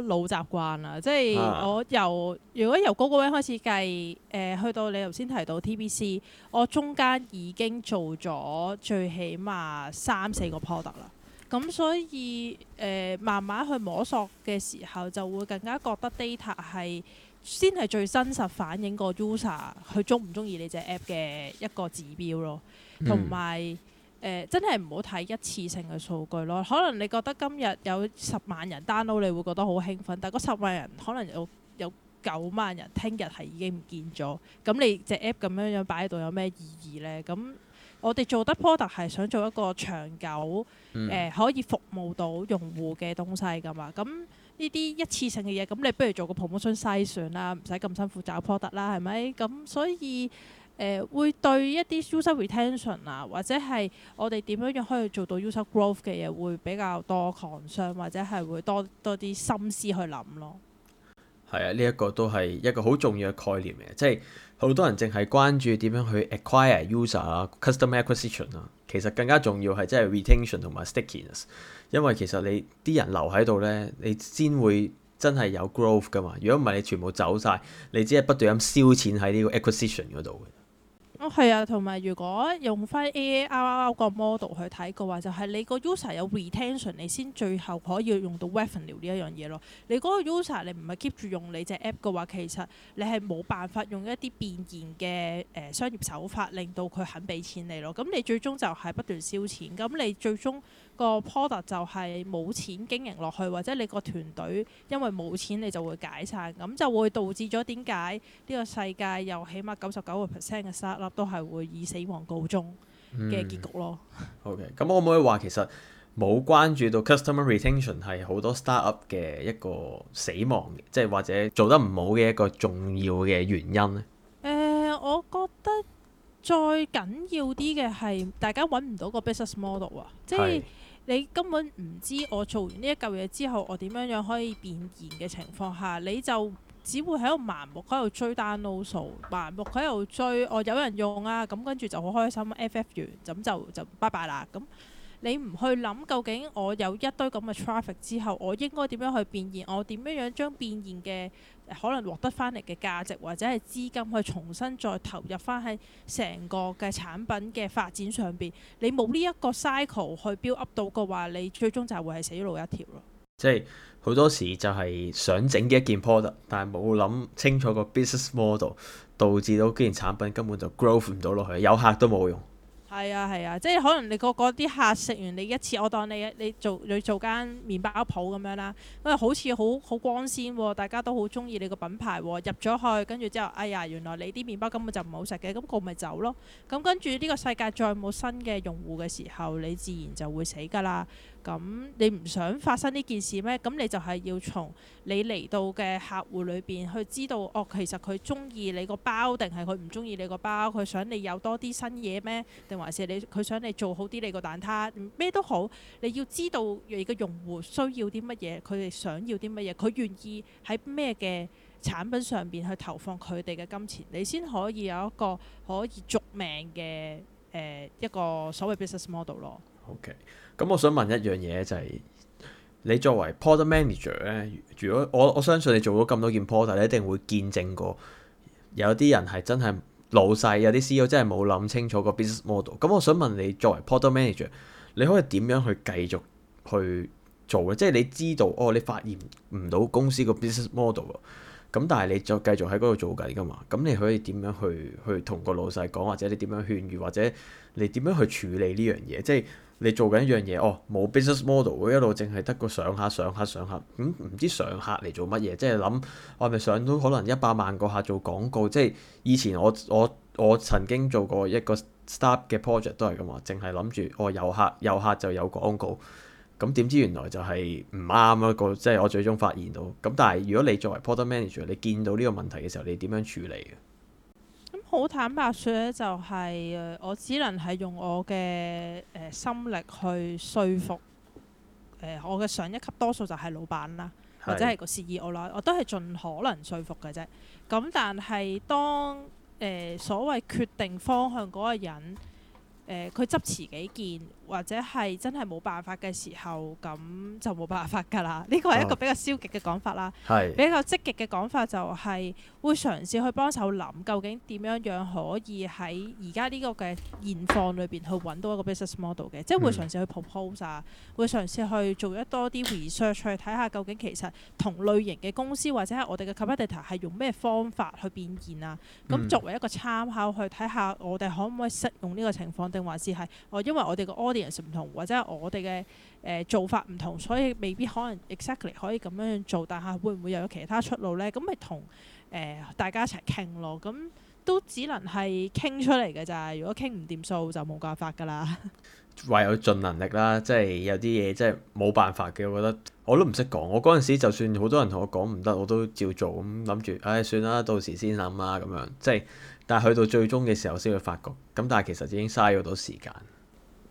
Speaker 1: 老習慣啦，即係我由如果由高嗰位開始計，誒、呃、去到你頭先提到 TBC，我中間已經做咗最起碼三四個 product 啦，咁所以誒、呃、慢慢去摸索嘅時候，就會更加覺得 data 係先係最真實反映個 user 佢鍾唔鍾意你隻 app 嘅一個指標咯，同埋、嗯。誒、呃、真係唔好睇一次性嘅數據咯，可能你覺得今日有十萬人 download，你會覺得好興奮，但係嗰十萬人可能有有九萬人聽日係已經唔見咗，咁你隻 app 咁樣樣擺喺度有咩意義呢？咁我哋做得 product 係想做一個長久誒、嗯呃、可以服務到用戶嘅東西㗎嘛？咁呢啲一次性嘅嘢，咁你不如做個 promotion 篩選啦，唔使咁辛苦找 product 啦，係咪？咁所以。誒會對一啲 user retention 啊，或者係我哋點樣樣可以做到 user growth 嘅嘢，會比較多 concern，或者係會多多啲心思去諗咯。
Speaker 2: 係啊，呢一個都係一個好重要嘅概念嚟嘅，即係好多人淨係關注點樣去 acquire user 啊，customer acquisition 啊，其實更加重要係即係 retention 同埋 stickiness，因為其實你啲人留喺度咧，你先會真係有 growth 噶嘛。如果唔係，你全部走晒，你只係不斷咁燒錢喺呢個 acquisition 度。
Speaker 1: 我係、哦、啊，同埋如果用翻 AARR 個 model 去睇嘅話，就係、是、你個 user 有 retention，你先最後可以用到 revenue 呢一樣嘢咯。你嗰個 user 你唔係 keep 住用你隻 app 嘅話，其實你係冇辦法用一啲變現嘅誒商業手法令到佢肯俾錢你咯。咁、嗯、你最終就係不斷燒錢，咁、嗯、你最終。個 product 就係冇錢經營落去，或者你個團隊因為冇錢你就會解散，咁就會導致咗點解呢個世界又起碼九十九個 percent 嘅 startup 都係會以死亡告終嘅結局咯。
Speaker 2: OK，咁可唔可以話其實冇關注到 customer retention 係好多 startup 嘅一個死亡，即係或者做得唔好嘅一個重要嘅原因呢、
Speaker 1: 呃、我覺得最緊要啲嘅係大家揾唔到個 business model 啊，即係。你根本唔知我做完呢一嚿嘢之後，我點樣樣可以變現嘅情況下，你就只會喺度盲目喺度追單數，盲目喺度追，哦有人用啊，咁跟住就好開心，FF、啊、完，咁就就拜拜啦，咁。你唔去諗究竟我有一堆咁嘅 traffic 之後，我應該點樣去變現？我點樣樣將變現嘅可能獲得翻嚟嘅價值或者係資金去重新再投入翻喺成個嘅產品嘅發展上邊？你冇呢一個 cycle 去 build up 到嘅話，你最終就會係死路一條咯。
Speaker 2: 即係好多時就係想整一件 product，但係冇諗清楚個 business model，導致到件產品根本就 growth 唔到落去，有客都冇用。
Speaker 1: 係啊係啊，即係可能你個個啲客食完你一次，我當你你做你做間麵包鋪咁樣啦，因為好似好好光鮮喎、哦，大家都好中意你個品牌喎、哦，入咗去，跟住之後，哎呀，原來你啲麵包根本就唔好食嘅，咁佢咪走咯。咁跟住呢個世界再冇新嘅用戶嘅時候，你自然就會死㗎啦。咁你唔想發生呢件事咩？咁你就係要從你嚟到嘅客戶裏邊去知道，哦，其實佢中意你個包定係佢唔中意你個包？佢想你有多啲新嘢咩？定還是你佢想你做好啲你個蛋撻？咩都好，你要知道你嘅用戶需要啲乜嘢，佢哋想要啲乜嘢，佢願意喺咩嘅產品上邊去投放佢哋嘅金錢，你先可以有一個可以續命嘅誒、呃、一個所謂 business model 咯。
Speaker 2: O.K. 咁我想問一樣嘢就係、是、你作為 product manager 咧，如果我我相信你做咗咁多件 product 你一定會見證過有啲人係真係老細，有啲 CEO 真係冇諗清楚個 business model。咁我想問你作為 product manager，你可以點樣去繼續去做咧？即係你知道哦，你發現唔到公司個 business model 啊，咁但係你就繼續喺嗰度做緊㗎嘛？咁你可以點樣去去同個老細講，或者你點樣勸喻，或者你點樣去處理呢樣嘢？即係。你做緊一樣嘢，哦，冇 business model，一路淨係得個上客上客上客，咁唔知上客嚟、嗯、做乜嘢？即係諗，我係咪上到可能一百萬個客做廣告？即係以前我我我曾經做過一個 start 嘅 project 都係咁話，淨係諗住哦有客有客就有廣告，咁點知原來就係唔啱啊個，即係我最終發現到。咁但係如果你作為 product manager，你見到呢個問題嘅時候，你點樣處理？
Speaker 1: 好坦白説咧、就是，就係我只能係用我嘅、呃、心力去説服、呃、我嘅上一級多數就係老闆啦，或者係個 CEO 啦，我都係盡可能説服嘅啫。咁、嗯、但係當誒、呃、所謂決定方向嗰個人誒，佢、呃、執持己見。或者係真係冇辦法嘅時候，咁就冇辦法㗎啦。呢個係一個比較消極嘅講法啦。Oh. 比較積極嘅講法就係會嘗試去幫手諗，究竟點樣樣可以喺而家呢個嘅現況裏邊去揾到一個 business model 嘅。即係會嘗試去 propose 啊，會嘗試去做一多啲 research 去睇下究竟其實同類型嘅公司或者係我哋嘅 competitor 係用咩方法去變現啊。咁作為一個參考去睇下我哋可唔可以適用呢個情況，定還是係我因為我哋個 a 啲人食唔同，或者係我哋嘅誒做法唔同，所以未必可能 exactly 可以咁樣做。但係會唔會又有其他出路呢？咁咪同誒大家一齊傾咯。咁都只能係傾出嚟嘅咋。如果傾唔掂數，就冇辦法噶啦。
Speaker 2: 唯有盡能力啦。即係有啲嘢即係冇辦法嘅。我覺得我都唔識講。我嗰陣時就算好多人同我講唔得，我都照做。咁諗住，唉、哎、算啦，到時先諗啦。咁樣即係，但係去到最終嘅時候先會發覺。咁但係其實已經嘥咗好多時間。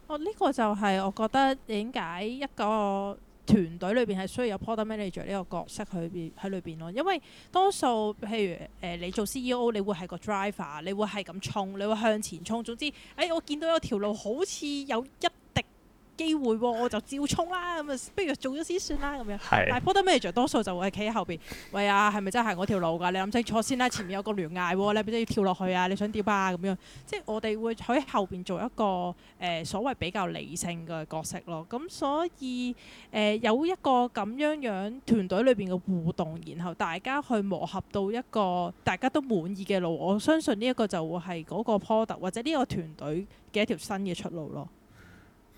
Speaker 1: 哦，呢、這個就係我覺得點解一個團隊裏邊係需要有 product manager 呢個角色去邊喺裏邊咯，因為多數譬如誒、呃、你做 CEO，你會係個 driver，你會係咁衝，你會向前衝，總之誒、哎、我見到有條路好似有一。機會喎、啊，我就照衝啦、啊，咁啊不如做咗先算啦、啊，咁樣。但係是的 product manager 多數就會企喺後邊，喂啊，係咪真係我條路㗎？你諗清楚先啦、啊，前面有個懸崖、啊，你邊度要跳落去啊？你想點啊？咁樣，即係我哋會喺後邊做一個誒、呃、所謂比較理性嘅角色咯。咁所以誒、呃、有一個咁樣樣團隊裏邊嘅互動，然後大家去磨合到一個大家都滿意嘅路，我相信呢一個就會係嗰個 product 或者呢個團隊嘅一條新嘅出路咯。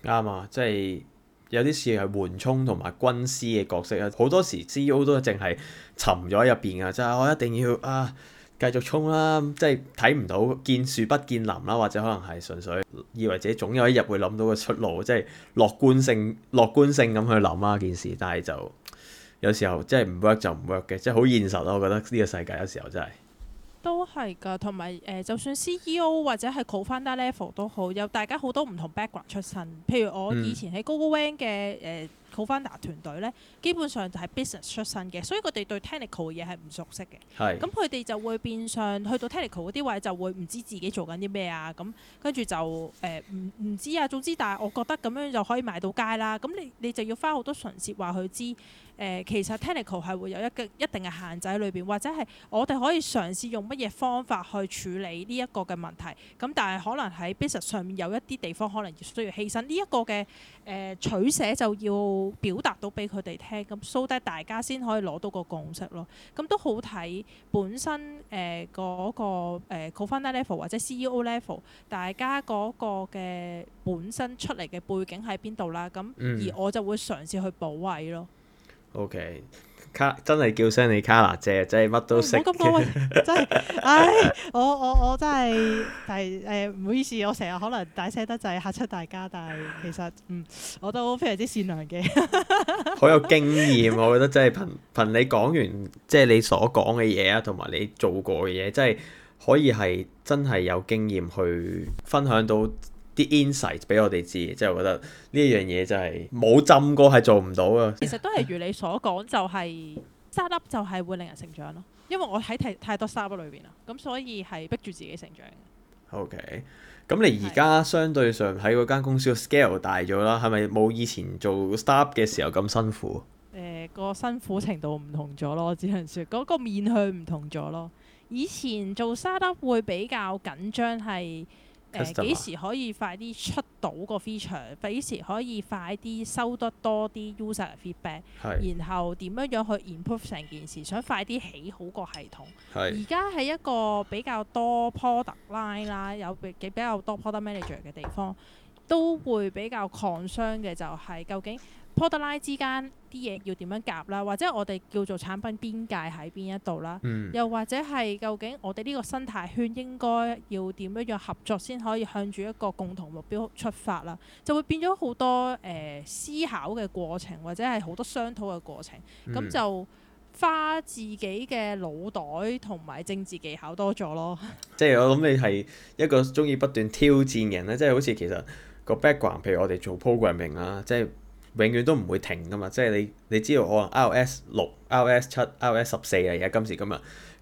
Speaker 2: 啱啊，即係有啲事係緩衝同埋軍師嘅角色啊。好多時 CEO 都淨係沉咗喺入邊啊，就係我一定要啊繼續衝啦，即係睇唔到見樹不見林啦，或者可能係純粹以為自己總有一日會諗到個出路，即係樂觀性樂觀性咁去諗啊件事。但係就有時候即係唔 work 就唔 work 嘅，即係好現實咯、啊。我覺得呢個世界有時候真係。
Speaker 1: 都係㗎，同埋誒，就算 CEO 或者係 co-founder level 都好，有大家好多唔同 background 出身。譬如我以前喺 Google Wing 嘅，誒。呃 Co-founder 團隊咧，基本上就係 business 出身嘅，所以佢哋對 technical 嘅嘢係唔熟悉嘅。咁佢哋就會變相去到 technical 嗰啲位，就會唔知自己做緊啲咩啊。咁跟住就誒唔唔知啊。總之，但係我覺得咁樣就可以賣到街啦。咁你你就要花好多唇舌話佢知誒、呃，其實 technical 係會有一一定嘅限制喺裏邊，或者係我哋可以嘗試用乜嘢方法去處理呢一個嘅問題。咁但係可能喺 business 上面有一啲地方，可能需要犧牲呢一、這個嘅。取捨就要表達到俾佢哋聽，咁 so that 大家先可以攞到個共識咯。咁都好睇本身誒嗰，呃那個誒，呃、c level 或者 CEO level，大家嗰個嘅本身出嚟嘅背景喺邊度啦。咁而我就會嘗試去保衞咯。嗯。
Speaker 2: O、okay. K，卡，真係叫聲你卡拉姐，真係乜都識嘅。真係，唉，
Speaker 1: 我、 哎、我我，我真係係誒，唔、呃、好意思，我成日可能大聲得滯吓出大家，但係其實嗯，我都非常之善良嘅。
Speaker 2: 好有經驗，我覺得真係憑憑你講完，即係你所講嘅嘢啊，同埋你做過嘅嘢，真係可以係真係有經驗去分享到。啲 insight 俾我哋知，即係我覺得呢一樣嘢就係冇浸過係做唔到啊！其實
Speaker 1: 都係如你所講，就是， 就係 startup 就係會令人成長咯。因為我喺太太多 startup 裏邊啦，咁所以係逼住自己成長。
Speaker 2: OK，咁你而家相對上喺嗰間公司嘅 scale 大咗啦，係咪冇以前做 startup 嘅時候咁辛苦？
Speaker 1: 誒、呃，個辛苦程度唔同咗咯，只能説嗰個面向唔同咗咯。以前做 startup 會比較緊張係。誒幾、呃、時可以快啲出到個 feature？幾時可以快啲收得多啲 user feedback？是然後點樣樣去 improve 成件事？想快啲起好個系統。而家係一個比較多 product line 啦，有幾比較多 product manager 嘅地方，都會比較 concern 嘅就係究竟 pull 得拉之間啲嘢要點樣夾啦，或者我哋叫做產品邊界喺邊一度啦，嗯、又或者係究竟我哋呢個生態圈應該要點樣樣合作先可以向住一個共同目標出發啦，就會變咗好多誒、呃、思考嘅過程，或者係好多商討嘅過程，咁、嗯、就花自己嘅腦袋同埋政治技巧多咗咯。即
Speaker 2: 係我諗你係一個鍾意不斷挑戰人咧，即係好似其實個 background，譬如我哋做 programming 啦，即係。永遠都唔會停㗎嘛，即係你你知道可能 iOS 六、iOS 七、iOS 十四啊，而家今時今日，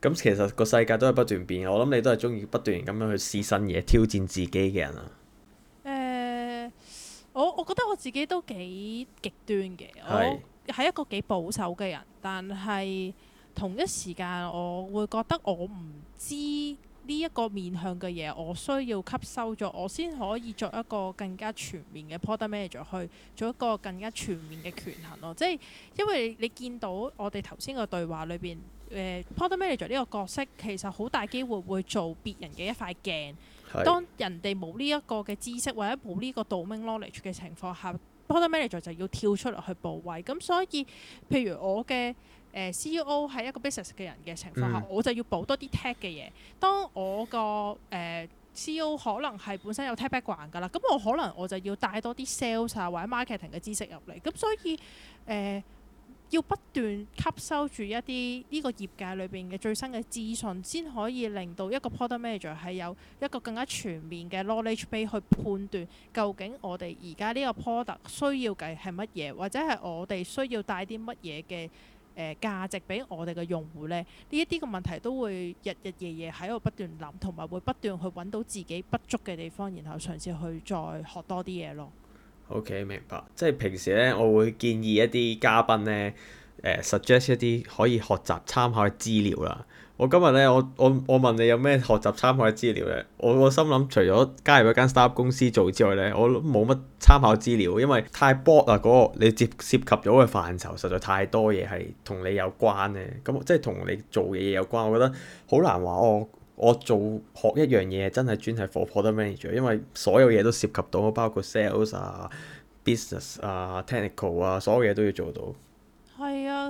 Speaker 2: 咁其實個世界都係不斷變嘅。我諗你都係鍾意不斷咁樣去試新嘢、挑戰自己嘅人啊。誒、
Speaker 1: 呃，我我覺得我自己都幾極端嘅，是我係一個幾保守嘅人，但係同一時間我會覺得我唔知。呢一個面向嘅嘢，我需要吸收咗，我先可以作一個更加全面嘅 product manager 去，做一個更加全面嘅權衡咯。即係因為你見到我哋頭先個對話裏邊，誒 product manager 呢個角色其實好大機會會做別人嘅一塊鏡。是當人哋冇呢一個嘅知識或者冇呢個 domain knowledge 嘅情況下 product manager 就要跳出嚟去部位。咁所以，譬如我嘅。誒、呃、CEO 係一個 business 嘅人嘅情況下，嗯、我就要補多啲 tech 嘅嘢。當我個誒、呃、CEO 可能係本身有 tech background 噶啦，咁我可能我就要帶多啲 sales 啊，或者 marketing 嘅知識入嚟。咁所以誒、呃、要不斷吸收住一啲呢個業界裏邊嘅最新嘅資訊，先可以令到一個 product manager 係有一個更加全面嘅 knowledge base 去判斷究竟我哋而家呢個 product 需要嘅係乜嘢，或者係我哋需要帶啲乜嘢嘅。誒、呃、價值俾我哋嘅用戶呢，呢一啲嘅問題都會日日夜夜喺度不斷諗，同埋會不斷去揾到自己不足嘅地方，然後嘗試去再學多啲嘢咯。
Speaker 2: OK，明白。即係平時呢，我會建議一啲嘉賓呢，誒、呃、suggest 一啲可以學習參考嘅資料啦。我今日咧，我我我問你有咩學習參考資料咧？我我心諗，除咗加入一間 startup 公司做之外咧，我冇乜參考資料，因為太博啦。嗰、嗰個你涉涉及咗嘅範疇，實在太多嘢係同你有關嘅。咁即係同你做嘅嘢有關，我覺得好難話我我做學一樣嘢真係專係 for product manager，因為所有嘢都涉及到，包括 sales 啊、business 啊、technical 啊，所有嘢都要做到。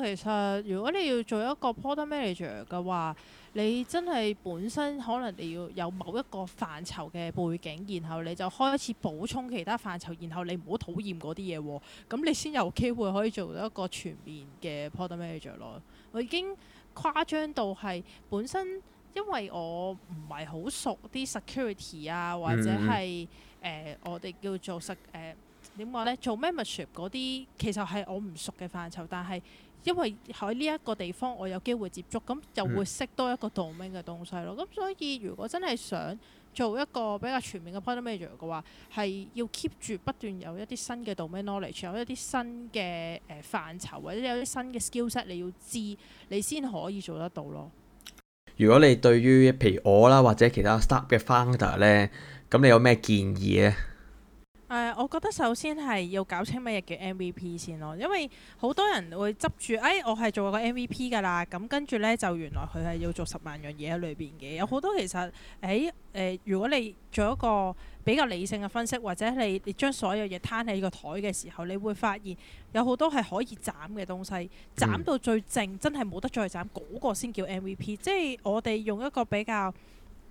Speaker 1: 其實，如果你要做一個 product manager 嘅話，你真係本身可能你要有某一個範疇嘅背景，然後你就開始補充其他範疇，然後你唔好討厭嗰啲嘢喎，咁你先有機會可以做到一個全面嘅 product manager 咯。我已經誇張到係本身，因為我唔係好熟啲 security 啊，或者係誒、嗯嗯嗯呃、我哋叫做實誒點講呢？做 membership 嗰啲其實係我唔熟嘅範疇，但係，因為喺呢一個地方我有機會接觸，咁就會識多一個 domain 嘅東西咯。咁、嗯、所以如果真係想做一個比較全面嘅 part-time major 嘅話，係要 keep 住不斷有一啲新嘅 domain knowledge，有一啲新嘅誒範疇，或者有啲新嘅 skillset 你要知，你先可以做得到咯。
Speaker 2: 如果你對於譬如我啦或者其他 startup 嘅 founder 咧，咁你有咩建議咧？
Speaker 1: 誒、呃，我覺得首先係要搞清乜嘢叫 MVP 先咯，因為好多人會執住，誒、哎，我係做個 MVP 㗎啦，咁跟住呢，就原來佢係要做十萬樣嘢喺裏邊嘅，有好多其實喺誒、哎呃，如果你做一個比較理性嘅分析，或者你你將所有嘢攤喺個台嘅時候，你會發現有好多係可以斬嘅東西，斬到最正，真係冇得再斬嗰、那個先叫 MVP，即係我哋用一個比較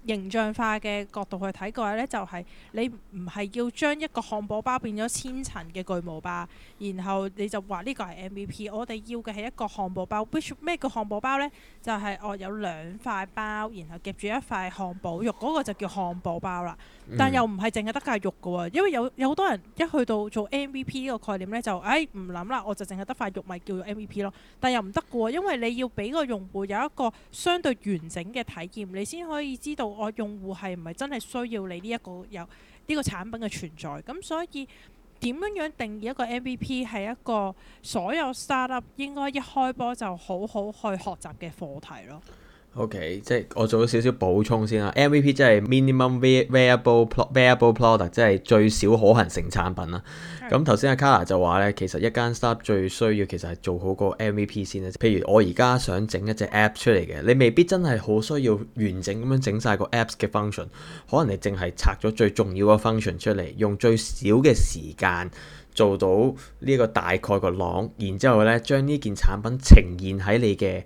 Speaker 1: 形象化嘅角度去睇嘅話咧，就係你唔係要將一個漢堡包變咗千層嘅巨無霸，然後你就話呢個係 MVP。我哋要嘅係一個漢堡包，which 咩叫漢堡包咧？就係哦有兩塊包，然後夾住一塊漢堡肉，嗰個就叫漢堡包啦。但又唔係淨係得塊肉嘅喎，因為有有好多人一去到做 MVP 呢個概念咧，就誒唔諗啦，我就淨係得塊肉咪叫做 MVP 咯。但又唔得嘅喎，因為你要俾個用戶有一個相對完整嘅體驗，你先可以知道。我用戶係唔係真係需要你呢一個有呢個產品嘅存在？咁所以點樣樣定義一個 MVP 係一個所有 startup 應該一開波就好好去學習嘅課題咯。
Speaker 2: OK，即係我做咗少少補充先啦。MVP 即係 minimum viable viable product，即係最少可行性產品啦。咁頭先阿卡拉就話咧，其實一間 startup 最需要其實係做好個 MVP 先啦。譬如我而家想整一隻 app 出嚟嘅，你未必真係好需要完整咁樣整晒個 apps 嘅 function。可能你淨係拆咗最重要嘅 function 出嚟，用最少嘅時間做到呢個大概個朗，然之後咧將呢件產品呈現喺你嘅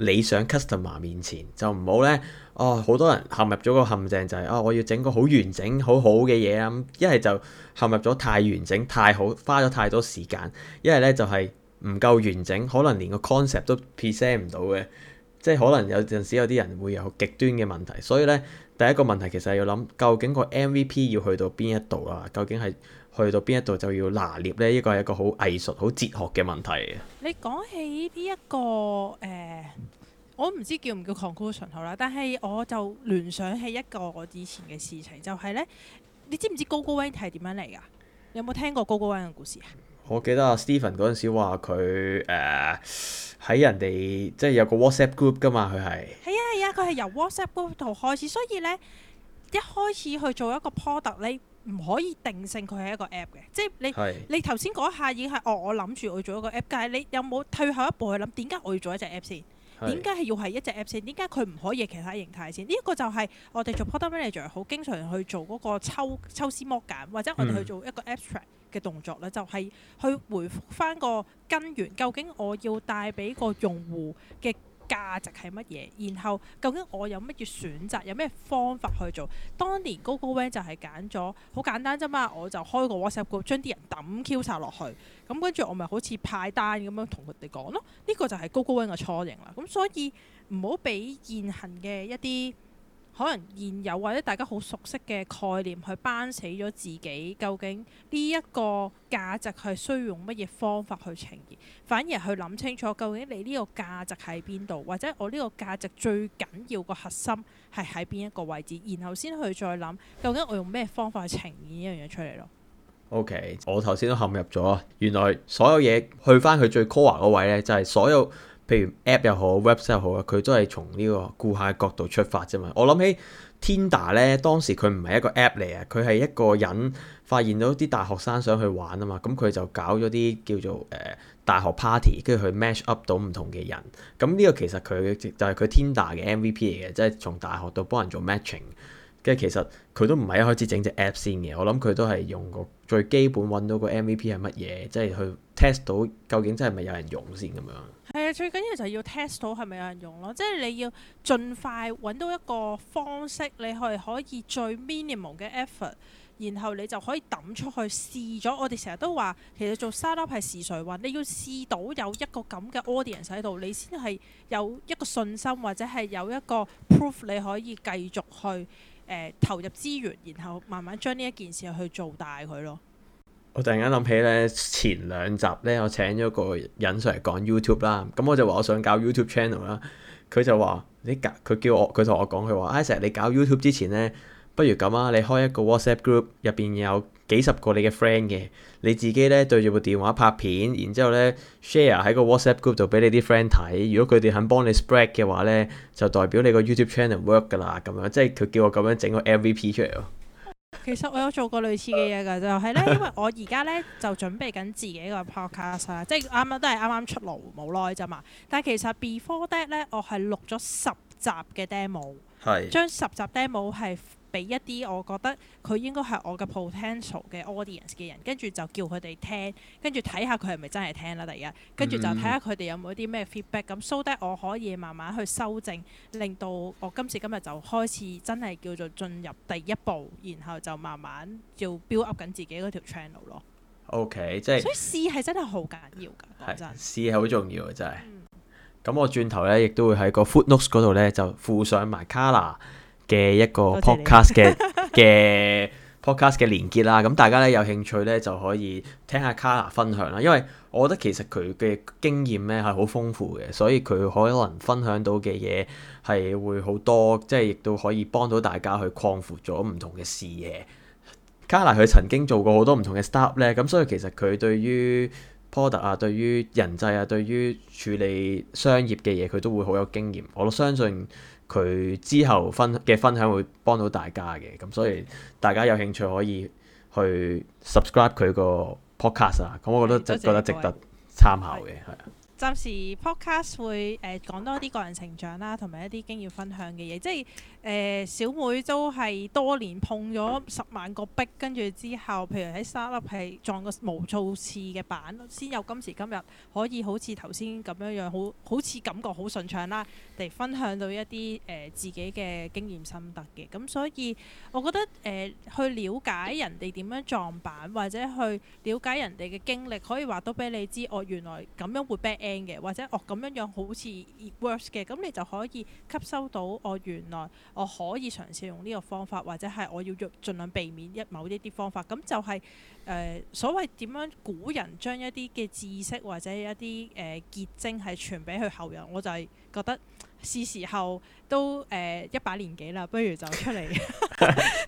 Speaker 2: 理想 customer 面前就唔好咧，哦，好多人陷入咗個陷阱就係啊，我要整個好完整、好好嘅嘢啊，一係就陷入咗太完整、太好，花咗太多時間；一係咧就係唔夠完整，可能連個 concept 都 present 唔到嘅，即係可能有陣時有啲人會有極端嘅問題。所以咧，第一個問題其實係要諗，究竟個 MVP 要去到邊一度啊？究竟係？去到邊一度就要拿捏咧？呢個係一個好藝術、好哲學嘅問題。
Speaker 1: 你講起呢、這、一個誒、呃，我唔知叫唔叫 conclusion 好啦，但係我就聯想起一個我以前嘅事情，就係、是、呢：你知唔知 Gogo 高高威係點樣嚟噶？有冇聽過高高威嘅故事啊？
Speaker 2: 我記得阿 Stephen 嗰陣時話佢誒喺人哋即係有個 WhatsApp group 噶嘛，佢係
Speaker 1: 係啊係啊，佢係、啊、由 WhatsApp group 度開始，所以呢，一開始去做一個 product 呢。唔可以定性佢係一個 app 嘅，即係你是你頭先嗰下已經係、哦、我我諗住我做一個 app，但係你有冇退後一步去諗點解我要做一隻 app 先？點解係要係一隻 app 先？點解佢唔可以其他形態先？呢、這、一個就係我哋做 product manager 好經常去做嗰個抽抽絲剝繭，或者我哋去做一個 abstract 嘅動作咧，嗯、就係去回覆翻個根源，究竟我要帶俾個用戶嘅。價值係乜嘢？然後究竟我有乜嘢選擇？有咩方法去做？當年 GogoWay 就係揀咗，好簡單啫嘛！我就開個 WhatsApp group，將啲人揼 Q 晒落去，咁跟住我咪好似派單咁樣同佢哋講咯。呢、這個就係 GogoWay 嘅雛形啦。咁所以唔好俾現行嘅一啲。可能現有或者大家好熟悉嘅概念，去班死咗自己。究竟呢一個價值係需要用乜嘢方法去呈現？反而去諗清楚，究竟你呢個價值喺邊度，或者我呢個價值最緊要個核心係喺邊一個位置，然後先去再諗究竟我用咩方法去呈現呢樣嘢出嚟咯。
Speaker 2: OK，我頭先都陷入咗，原來所有嘢去翻佢最 core 嗰位呢，就係所有。譬如 app 又好 website 又好，佢都係從呢個顧客角度出發啫嘛。我諗起 Tinder 咧，當時佢唔係一個 app 嚟嘅，佢係一個人發現到啲大學生想去玩啊嘛，咁、嗯、佢就搞咗啲叫做誒、呃、大學 party，跟住去 match up 到唔同嘅人。咁、嗯、呢、這個其實佢就係、是、佢 Tinder 嘅 MVP 嚟嘅，即係從大學度幫人做 matching。跟住其實佢都唔係一開始整隻 app 先嘅，我諗佢都係用個最基本揾到個 MVP 係乜嘢，即係去。test 到究竟真係咪有人用先咁樣？
Speaker 1: 係啊，最緊要就係要 test 到係咪有人用咯，即係你要盡快揾到一個方式，你係可以最 minimal 嘅 effort，然後你就可以抌出去試咗。我哋成日都話，其實做 startup 係試水溫，你要試到有一個咁嘅 audience 喺度，你先係有一個信心或者係有一個 proof，你可以繼續去、呃、投入資源，然後慢慢將呢一件事去做大佢咯。
Speaker 2: 我突然間諗起咧，前兩集咧，我請咗個人上嚟講 YouTube 啦。咁、嗯、我就話我想搞 YouTube channel 啦。佢就話你搞，佢叫我佢同我講，佢話哎成日你搞 YouTube 之前咧，不如咁啊，你開一個 WhatsApp group，入邊有幾十個你嘅 friend 嘅，你自己咧對住部電話拍片，然之後咧 share 喺個 WhatsApp group 度俾你啲 friend 睇。如果佢哋肯幫你 spread 嘅話咧，就代表你個 YouTube channel work 噶啦。咁樣即係佢叫我咁樣整個 MVP 出嚟咯。
Speaker 1: 其實我有做過類似嘅嘢㗎，就係咧，因為我而家咧就準備緊自己個 podcast 啦，即係啱啱都係啱啱出爐冇耐啫嘛。但係其實 before that 咧，我係錄咗十集嘅 demo， 將十集 demo 係，俾一啲我覺得佢應該係我嘅 potential 嘅 audience 嘅人，跟住就叫佢哋聽，跟住睇下佢係咪真係聽啦，第一，跟住就睇下佢哋有冇啲咩 feedback。咁 so that 我可以慢慢去修正，令到我今時今日就開始真係叫做進入第一步，然後就慢慢要 build up 緊自己嗰條 channel 咯。
Speaker 2: OK，即係所以
Speaker 1: 試係真係好緊要㗎，真係
Speaker 2: 試係好重要嘅真係。咁、嗯、我轉頭呢亦都會喺個 footnotes 嗰度呢，就附上埋卡啦。嘅一個 pod 謝謝 的 podcast 嘅嘅 podcast 嘅連結啦，咁大家咧有興趣咧就可以聽下 Kara 分享啦，因為我覺得其實佢嘅經驗咧係好豐富嘅，所以佢可能分享到嘅嘢係會好多，即係亦都可以幫到大家去擴闊咗唔同嘅視野。Kara 佢曾經做過好多唔同嘅 stop 咧，咁所以其實佢對於 product 啊、對於人際啊、對於處理商業嘅嘢，佢都會好有經驗。我都相信。佢之後分嘅分享會幫到大家嘅，咁所以大家有興趣可以去 subscribe 佢個 podcast 啊，咁我覺得覺得值得參考嘅，係啊。
Speaker 1: 暫時 podcast 會誒講、呃、多啲個人成長啦，同埋一啲經驗分享嘅嘢，即係誒、呃、小妹都係多年碰咗十萬個壁，跟住之後，譬如喺沙粒係撞過無數次嘅板，先有今時今日可以好似頭先咁樣樣，好好似感覺好順暢啦，嚟分享到一啲誒、呃、自己嘅經驗心得嘅。咁、嗯、所以我覺得誒、呃、去了解人哋點樣撞板，或者去了解人哋嘅經歷，可以話到俾你知，我、哦、原來咁樣會或者哦，咁樣樣好似 works 嘅，咁你就可以吸收到我、哦、原來我可以嘗試用呢個方法，或者係我要用盡量避免一某一啲方法。咁就係、是、誒、呃、所謂點樣古人將一啲嘅知識或者一啲誒、呃、結晶係傳俾佢後人，我就係覺得是時候都誒一把年紀啦，不如就出嚟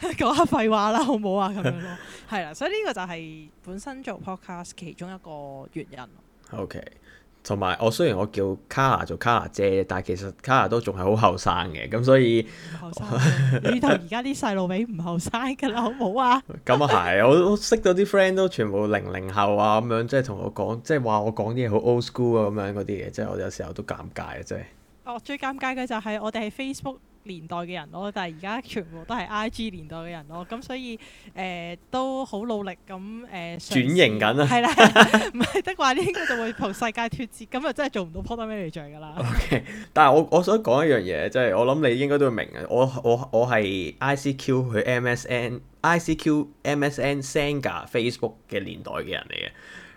Speaker 1: 講 下廢話啦，好唔好啊？咁樣咯，係啦， 所以呢個就係本身做 podcast 其中一個原因。o、
Speaker 2: okay. k 同埋我雖然我叫卡娜做卡娜姐，但係其實卡娜都仲係好後生嘅，咁所以後生， 你同而
Speaker 1: 家啲細路咪唔後生㗎啦，好唔好啊？
Speaker 2: 咁啊係，我我識到啲 friend 都全部零零後啊，咁樣即係同我講，即係話我講啲嘢好 old school 啊，咁樣嗰啲嘢，即係我有時候都尷尬啊，真
Speaker 1: 係。哦，最尷尬嘅就係我哋係 Facebook 年代嘅人咯，但係而家全部都係 I G 年代嘅人咯，咁所以誒、呃、都好努力咁誒、呃、轉型緊啊，係啦試，唔係 得話呢個就會同世界脱節，咁啊真係做唔到 product manager 噶啦。OK，
Speaker 2: 但係我我想講一樣嘢，即、就、係、是、我諗你應該都會明嘅。我我我係 I C Q 去 M S N，I C Q M S N Sanger Facebook 嘅年代嘅人嚟嘅。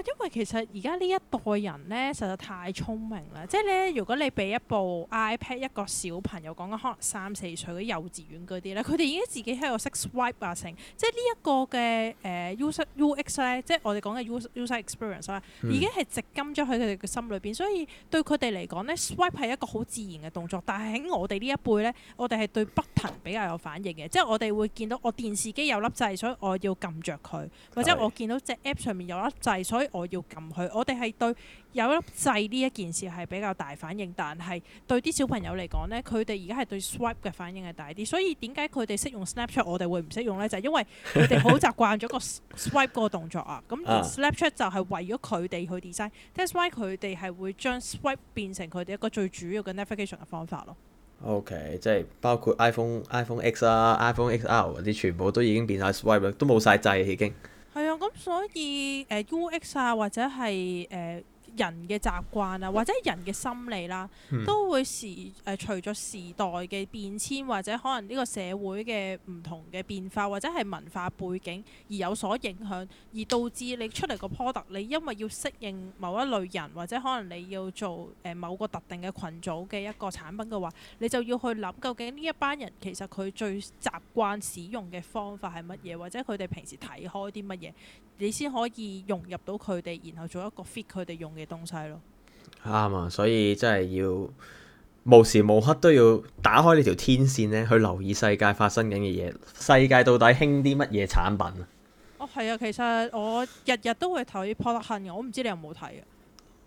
Speaker 1: 因為其實而家呢一代人咧，實在太聰明啦！即係咧，如果你俾一部 iPad 一個小朋友講緊，可能三四歲嘅幼稚園嗰啲咧，佢哋已經自己喺度識 swipe 啊！成即係、呃、呢一個嘅誒 user UX 咧，即係我哋講嘅 user experience 啦，已經係植根咗喺佢哋嘅心裏邊。所以對佢哋嚟講咧，swipe 係一個好自然嘅動作。但係喺我哋呢一輩咧，我哋係對 button 比較有反應嘅，即係我哋會見到我電視機有粒掣，所以我要撳着佢；或者我見到隻 app 上面有粒掣，所以我要撳佢，我哋係對有粒掣呢一件事係比較大反應，但係對啲小朋友嚟講呢，佢哋而家係對 swipe 嘅反應係大啲。所以點解佢哋識用 Snapchat，我哋會唔識用呢？就係因為佢哋好習慣咗個 swipe 個動作 啊。咁 Snapchat 就係為咗佢哋去 design。That's why 佢哋係會將 swipe 變成佢哋一個最主要嘅 navigation 嘅方法咯。
Speaker 2: OK，即係包括 iPhone、iPhone X 啊、iPhone XR 啲，全部都已經變晒 swipe 啦，都冇晒掣已經。
Speaker 1: 係啊，咁、嗯、所以誒、呃、UX 啊，或者係誒。呃人嘅習慣啊，或者人嘅心理啦，都會時誒隨著時代嘅變遷，或者可能呢個社會嘅唔同嘅變化，或者係文化背景而有所影響，而導致你出嚟個 product，你因為要適應某一類人，或者可能你要做誒、呃、某個特定嘅群組嘅一個產品嘅話，你就要去諗究竟呢一班人其實佢最習慣使用嘅方法係乜嘢，或者佢哋平時睇開啲乜嘢，你先可以融入到佢哋，然後做一個 fit 佢哋用嘅東西咯，
Speaker 2: 啱啊、 嗯！所以真係要無時無刻都要打開呢條天線咧，去留意世界發生緊嘅嘢。世界到底興啲乜嘢產品
Speaker 1: 啊？哦，係啊，其實我日日都會睇 Podcast 嘅，我唔知你有冇睇啊。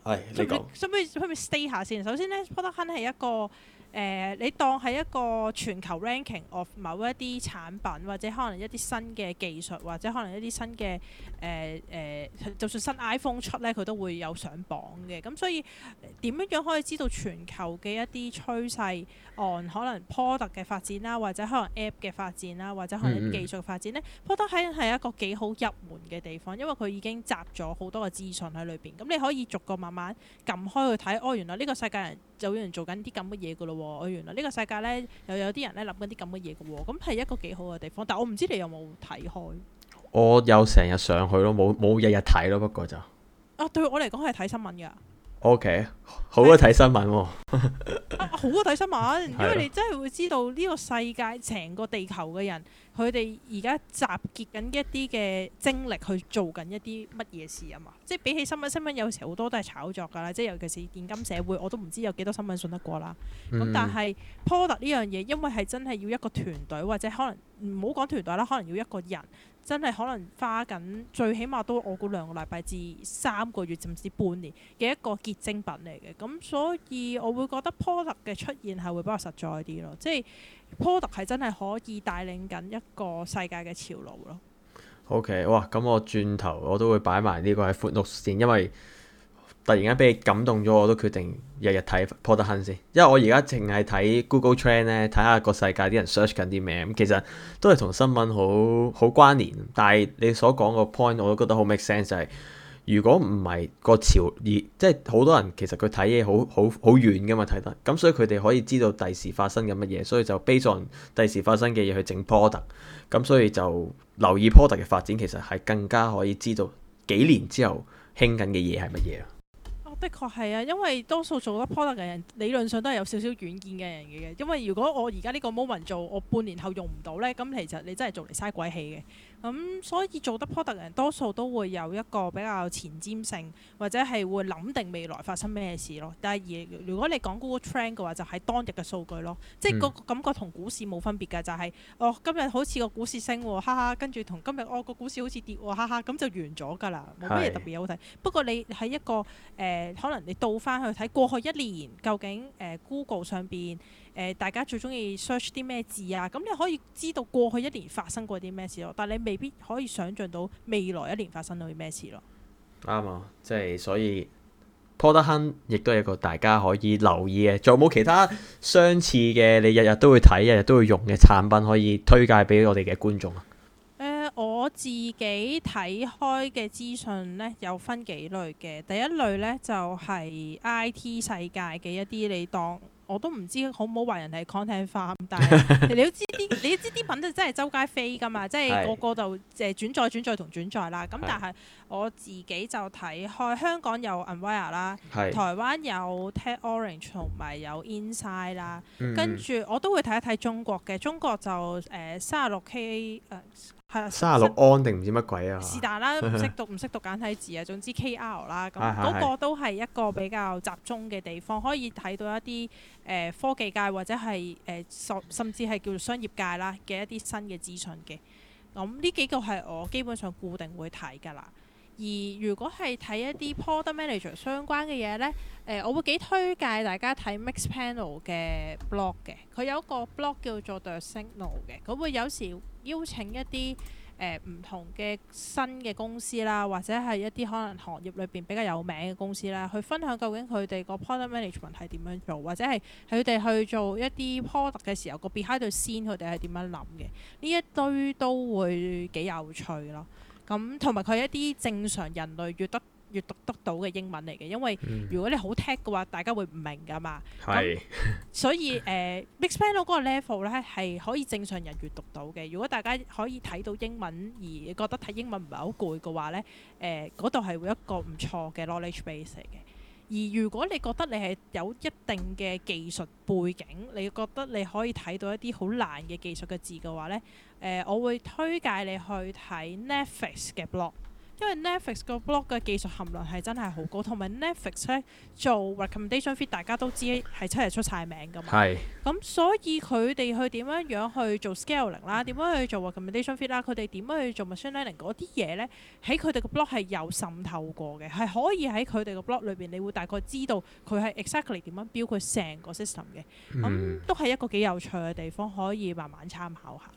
Speaker 1: 係、
Speaker 2: 哎，你
Speaker 1: 可唔可以 stay 下先？首先咧，Podcast 係一個。誒、呃，你當係一個全球 ranking of 某一啲產品，或者可能一啲新嘅技術，或者可能一啲新嘅誒誒，就算新 iPhone 出咧，佢都會有上榜嘅。咁所以點樣、呃、樣可以知道全球嘅一啲趨勢，按可能 product 嘅發展啦，或者可能 App 嘅發展啦，或者可能技術發展呢？product 喺係一個幾好入門嘅地方，因為佢已經集咗好多嘅資訊喺裏邊。咁你可以逐個慢慢撳開去睇，哦，原來呢個世界人。就有人做緊啲咁嘅嘢噶咯喎，原來呢個世界咧又有啲人咧諗緊啲咁嘅嘢噶喎，咁係一個幾好嘅地方。但係我唔知你有冇睇開？
Speaker 2: 我有成日上去咯，冇冇日日睇咯，不過就
Speaker 1: 啊，對我嚟講係睇新聞噶。
Speaker 2: OK，好過，睇新聞，
Speaker 1: 好過，睇新聞，因為你真係會知道呢個世界成個地球嘅人。佢哋而家集結緊一啲嘅精力去做緊一啲乜嘢事啊嘛，即係比起新聞，新聞有時好多都係炒作㗎啦，即係尤其是現今社會我都唔知有幾多新聞信得過啦。咁、嗯、但係 Podcast 呢樣嘢，因為係真係要一個團隊或者可能唔好講團隊啦，可能要一個人。真係可能花緊最起碼都我估兩個禮拜至三個月甚至半年嘅一個結晶品嚟嘅，咁所以我會覺得 product 嘅出現係會比較實在啲咯，即係 product 係真係可以帶領緊一個世界嘅潮流
Speaker 2: 咯。OK，哇！咁我轉頭我都會擺埋呢個喺闊六線，因為。突然間俾你感動咗，我都決定日日睇 Porter 先，因為我而家淨係睇 Google Trend 咧，睇下個世界啲人 search 緊啲咩咁。其實都係同新聞好好關聯。但係你所講個 point 我都覺得好 make sense，就係、是、如果唔係個潮熱，即係好多人其實佢睇嘢好好好遠噶嘛，睇得咁，所以佢哋可以知道第時發生緊乜嘢，所以就 base on 第時發生嘅嘢去整 Porter。咁所以就留意 Porter 嘅發展，其實係更加可以知道幾年之後興緊嘅嘢係乜嘢。
Speaker 1: 的確係啊，因為多數做得 product 嘅人，理論上都係有少少遠見嘅人嘅。因為如果我而家呢個 moment 做，我半年後用唔到呢，咁其實你真係做嚟嘥鬼氣嘅。咁、嗯、所以做 product 人多數都會有一個比較前瞻性，或者係會諗定未來發生咩事咯。但係而如果你講 Google Trend 嘅話，就係當日嘅數據咯，即係個感覺同股市冇分別嘅，就係、是、我、哦、今日好似個股市升、哦，哈哈，跟住同今日我、哦、個股市好似跌、哦，哈哈，咁就完咗㗎啦，冇咩特別好睇。是不過你喺一個誒、呃，可能你倒翻去睇過去一年，究竟誒、呃、Google 上邊？大家最中意 search 啲咩字啊？咁你可以知道過去一年發生過啲咩事咯，但你未必可以想像到未來一年發生到啲咩事咯。
Speaker 2: 啱啊、嗯，即係所以 Podcast 亦都係一個大家可以留意嘅。仲有冇其他相似嘅？你日日都會睇，日日都會用嘅產品可以推介俾我哋嘅觀眾啊、
Speaker 1: 呃？我自己睇開嘅資訊呢，有分幾類嘅。第一類呢，就係、是、IT 世界嘅一啲你當。我都唔知好唔好話人哋 content farm，但係 你都知啲，你都知啲品就真係周街飛噶嘛，即係個個就誒轉載、轉載同轉載啦。咁但係我自己就睇開香港有 Unwire 啦，台灣有 TechOrange 同埋有，有 Inside 啦，跟住我都會睇一睇中國嘅。中國就誒三十六 K 誒係啊，三啊六安
Speaker 2: 定唔知乜鬼啊？是但啦，唔識讀
Speaker 1: 唔識 讀簡體字啊？總之 KR 啦，咁嗰個都係一個比較集中嘅地方，可以睇到一啲誒科技界或者係誒甚至係叫做商業界啦嘅一啲新嘅資訊嘅。咁呢幾個係我基本上固定會睇噶啦。而如果係睇一啲 product manager 相關嘅嘢呢，誒、呃，我會幾推介大家睇 mix panel 嘅 blog 嘅，佢有一個 blog 叫做 the signal 嘅，佢會有時。邀請一啲誒唔同嘅新嘅公司啦，或者係一啲可能行業裏邊比較有名嘅公司啦，去分享究竟佢哋個 product management 係點樣做，或者係佢哋去做一啲 product 嘅時候個 behind the scene 佢哋係點樣諗嘅。呢一堆都會幾有趣咯。咁同埋佢一啲正常人類越得閱讀得到嘅英文嚟嘅，因為如果你好 tech 嘅話，大家會唔明噶嘛。
Speaker 2: 係是。
Speaker 1: 所以誒，Mixpanel 到嗰個 level 咧，係可以正常人閱讀到嘅。如果大家可以睇到英文而覺得睇英文唔係好攰嘅話咧，誒嗰度係會一個唔錯嘅 knowledge base 嚟嘅。而如果你覺得你係有一定嘅技術背景，你覺得你可以睇到一啲好難嘅技術嘅字嘅話咧，誒、呃，我會推介你去睇 Netflix 嘅 blog。因為 Netflix 個 blog 嘅技術含量係真係好高，同埋 Netflix 咧做 recommendation feed 大家都知係真係出晒名㗎嘛。咁是、嗯、所以佢哋去點樣樣去做 scaling 啦，點樣去做 recommendation feed 啦，佢哋點樣去做 machine learning 嗰啲嘢咧，喺佢哋個 blog 係有滲透過嘅，係可以喺佢哋個 blog 裏邊，你會大概知道佢係 exactly 點樣 build 佢成個 system 嘅。嗯。
Speaker 2: 咁、嗯、
Speaker 1: 都係一個幾有趣嘅地方，可以慢慢參考下。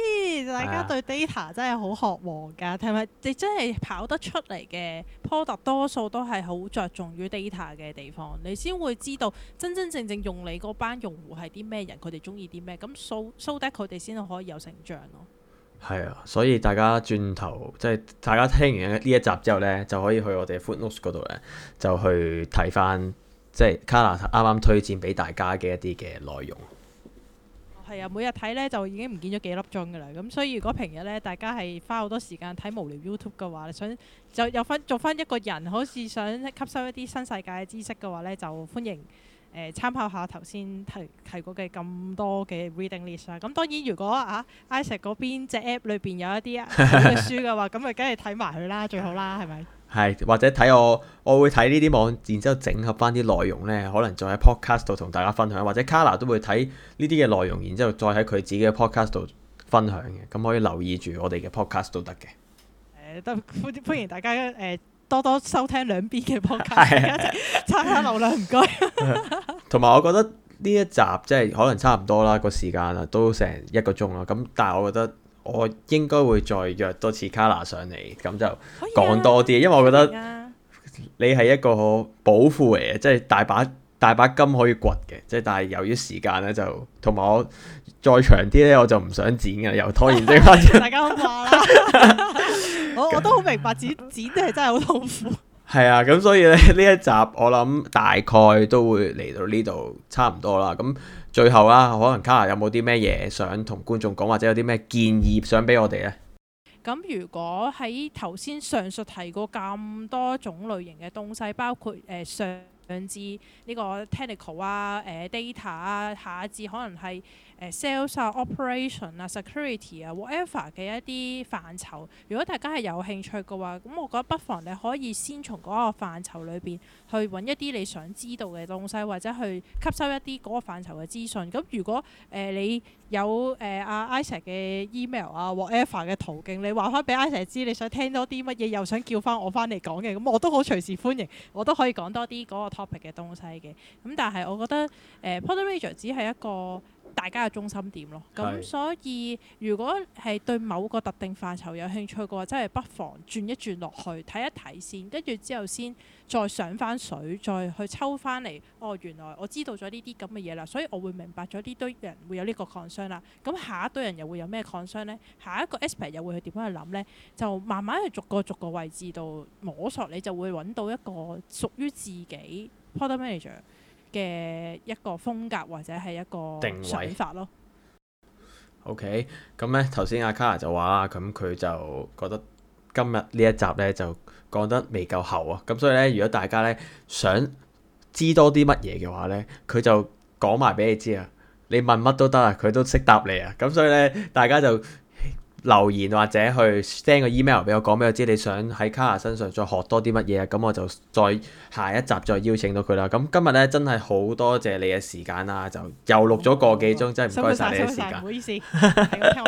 Speaker 1: 其實大家對 data 真係好渴望㗎，係咪、哎呀？你真係跑得出嚟嘅 product，多數都係好着重於 data 嘅地方，你先會知道真真正正用你嗰班用戶係啲咩人，佢哋中意啲咩，咁收收得佢哋先可以有成長咯。
Speaker 2: 係啊、嗯，所以大家轉頭即係、就是、大家聽完呢一集之後呢，就可以去我哋 footnotes 嗰度呢，就去睇翻即係 Carla 啱啱推薦俾大家嘅一啲嘅內容。
Speaker 1: 係啊，每日睇咧就已經唔見咗幾粒鐘㗎啦。咁所以如果平日咧大家係花好多時間睇無聊 YouTube 嘅話，想就有翻做翻一個人，好似想吸收一啲新世界嘅知識嘅話咧，就歡迎誒、呃、參考下頭先提提過嘅咁多嘅 reading list 啊。咁當然如果啊，Isaac 嗰邊隻 app 裏邊有一啲 好嘅書嘅話，咁咪梗係睇埋佢啦，最好啦，係咪？
Speaker 2: 係或者睇我，我會睇呢啲網，然之後整合翻啲內容呢，可能喺 podcast 度同大家分享，或者 Carla 都會睇呢啲嘅內容，然之後再喺佢自己嘅 podcast 度分享嘅，咁可以留意住我哋嘅 podcast 都得嘅。
Speaker 1: 誒、呃，歡迎大家、呃、多多收聽兩邊嘅 podcast，增加 流量唔該。
Speaker 2: 同埋 我覺得呢一集即係可能差唔多啦、個時間啊，都成一個鐘啊，咁但係我覺得。我應該會再約多次卡拉上嚟，咁就講多啲，啊、因為我覺得你係一個寶庫嚟嘅，即係大把大把金可以掘嘅，即係但係由於時間咧就同埋我再長啲咧，我就唔想剪嘅，又拖延症 大家好怕啦，
Speaker 1: 我我都好明白剪剪係真係好痛苦。
Speaker 2: 係啊，咁所以咧呢一集我諗大概都會嚟到呢度差唔多啦。咁最後啊，可能卡啊有冇啲咩嘢想同觀眾講，或者有啲咩建議想俾我哋呢？
Speaker 1: 咁如果喺頭先上述提過咁多種類型嘅東西，包括誒、呃、上至呢個 technical 啊、誒、呃、data 啊，下至可能係。誒、uh, sales 啊、uh,、operation 啊、uh,、security 啊、uh,、whatever 嘅一啲範疇，如果大家係有興趣嘅話，咁我覺得不妨你可以先從嗰個範疇裏邊去揾一啲你想知道嘅東西，或者去吸收一啲嗰個範疇嘅資訊。咁如果誒、呃、你有誒阿、呃 uh, Isa 嘅 email 啊、uh,，whatever 嘅途徑，你話翻俾 Isa 知你想聽多啲乜嘢，又想叫翻我翻嚟講嘅，咁我都好隨時歡迎，我都可以講多啲嗰個 topic 嘅東西嘅。咁但係我覺得誒、呃、podder m a 只係一個大家嘅中心點咯，咁所以如果係對某個特定範疇有興趣嘅話，真係不妨轉一轉落去睇一睇先，跟住之後先再上翻水，再去抽翻嚟。哦，原來我知道咗呢啲咁嘅嘢啦，所以我會明白咗呢堆人會有呢個 concern 啦。咁下一堆人又會有咩 concern 呢？下一個 expert 又會去點樣去諗呢？就慢慢去逐個逐個位置度摸索，你就會揾到一個屬於自己 portfolio manager，嘅一個風格或者係一個定位法咯。
Speaker 2: OK，咁咧頭先阿 Carla 就話啦，咁佢就覺得今日呢一集咧就講得未夠喉啊。咁所以咧，如果大家咧想知多啲乜嘢嘅話咧，佢就講埋俾你知啊。你問乜都得啊，佢都識答你啊。咁所以咧，大家就，留言或者去 send 個 email 俾我，講俾我知你想喺卡亞身上再學多啲乜嘢啊！咁我就再下一集再邀請到佢啦。咁今日咧真係好多謝你嘅時間啦，就又錄咗個幾鐘，哦、真係唔該晒你，你嘅時間。唔好意思。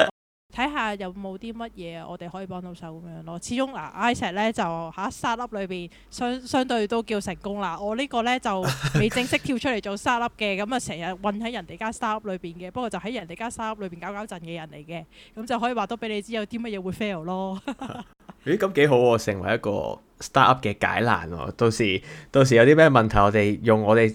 Speaker 1: 睇下有冇啲乜嘢我哋可以幫到手咁樣咯。始終嗱，I 石咧、e、就喺 startup 裏邊相相對都叫成功啦。我個呢個咧就未正式跳出嚟做 startup 嘅，咁啊成日混喺人哋間 startup 裏邊嘅。不過就喺人哋間 startup 裏邊搞搞震嘅人嚟嘅，咁就可以話到俾你知有啲乜嘢會 fail 咯。
Speaker 2: 咦、啊，咁、欸、幾好喎！成為一個 startup 嘅解難喎。到時到時有啲咩問題，我哋用我哋。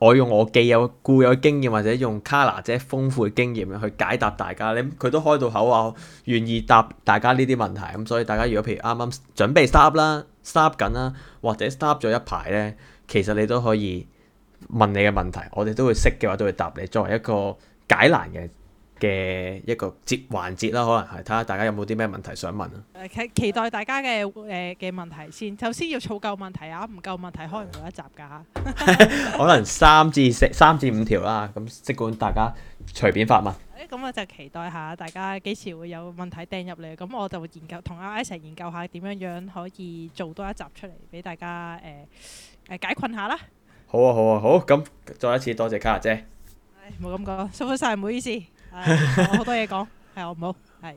Speaker 2: 我用我既有固有經驗，或者用 Carla 姐豐富嘅經驗去解答大家。你佢都開到口話，願意答大家呢啲問題咁，所以大家如果譬如啱啱準備 stop 啦，stop 緊啦，或者 stop 咗一排咧，其實你都可以問你嘅問題，我哋都會識嘅話都會答你，作為一個解難嘅。嘅一個節環節啦，可能係睇下大家有冇啲咩問題想問啊？誒，
Speaker 1: 期期待大家嘅誒嘅問題先，首先要儲夠問題啊，唔夠問題開唔到一集㗎嚇。
Speaker 2: 可能三至四、三至五條啦，咁即管大家隨便發問。
Speaker 1: 誒，咁我就期待下大家幾時會有問題掟入嚟，咁我就研究同阿 Ice 一齊研究下點樣樣可以做多一集出嚟俾大家誒誒解困下啦。
Speaker 2: 好啊，好啊，好！咁再一次多謝卡姐。
Speaker 1: 誒，冇咁講，辛苦曬，唔好意思。好多嘢講，係我唔好，
Speaker 2: 係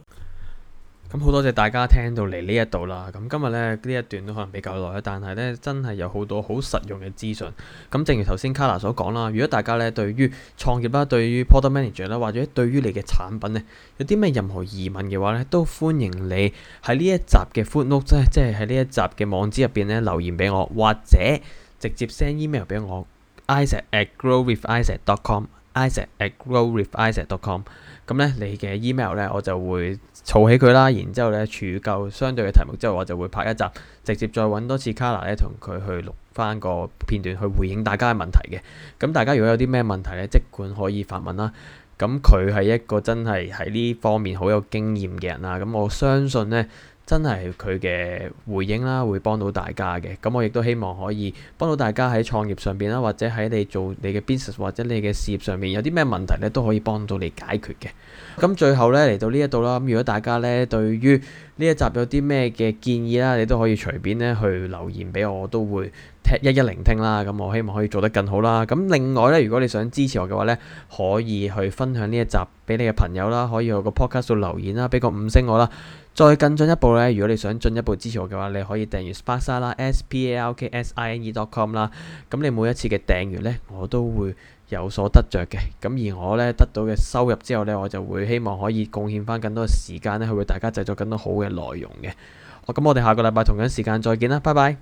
Speaker 2: 咁，好多謝大家聽到嚟呢一度啦。咁今日咧呢一段都可能比較耐，但係呢真係有好多好實用嘅資訊。咁正如頭先 Carla 所講啦，如果大家呢對於創業啦、對於 Product Manager 啦，或者對於你嘅產品呢，有啲咩任何疑問嘅話呢，都歡迎你喺呢一集嘅 footnote 即係喺呢一集嘅網址入邊呢留言俾我，或者直接 send email 俾我 Isaac at growwithisaac.com。Isaac at growwithisaac.com 咁咧你嘅 email 咧，我就會儲起佢啦。然之後咧儲夠相對嘅題目之後，我就會拍一集，直接再揾多次 Carla 咧，同佢去錄翻個片段去回應大家嘅問題嘅。咁大家如果有啲咩問題咧，即管可以發問啦。咁佢係一個真係喺呢方面好有經驗嘅人啦。咁我相信咧。真係佢嘅回應啦，會幫到大家嘅。咁我亦都希望可以幫到大家喺創業上邊啦，或者喺你做你嘅 business 或者你嘅事業上面有啲咩問題咧都可以幫到你解決嘅。咁最後咧嚟到呢一度啦，咁如果大家咧對於呢一集有啲咩嘅建議啦，你都可以隨便咧去留言俾我，我都會聽一一聆聽啦。咁我希望可以做得更好啦。咁另外咧，如果你想支持我嘅話咧，可以去分享呢一集俾你嘅朋友啦，可以喺個 podcast 留言啦，俾個五星我啦。再更進一步咧，如果你想進一步支持我嘅話，你可以訂閱 Sparks 啦，S P A R K S I N E dot com 啦。咁你每一次嘅訂閱咧，我都會有所得着嘅。咁而我咧得到嘅收入之後咧，我就會希望可以貢獻翻更多嘅時間咧，去為大家製作更多好嘅內容嘅。好，咁我哋下個禮拜同樣時間再見啦，拜拜。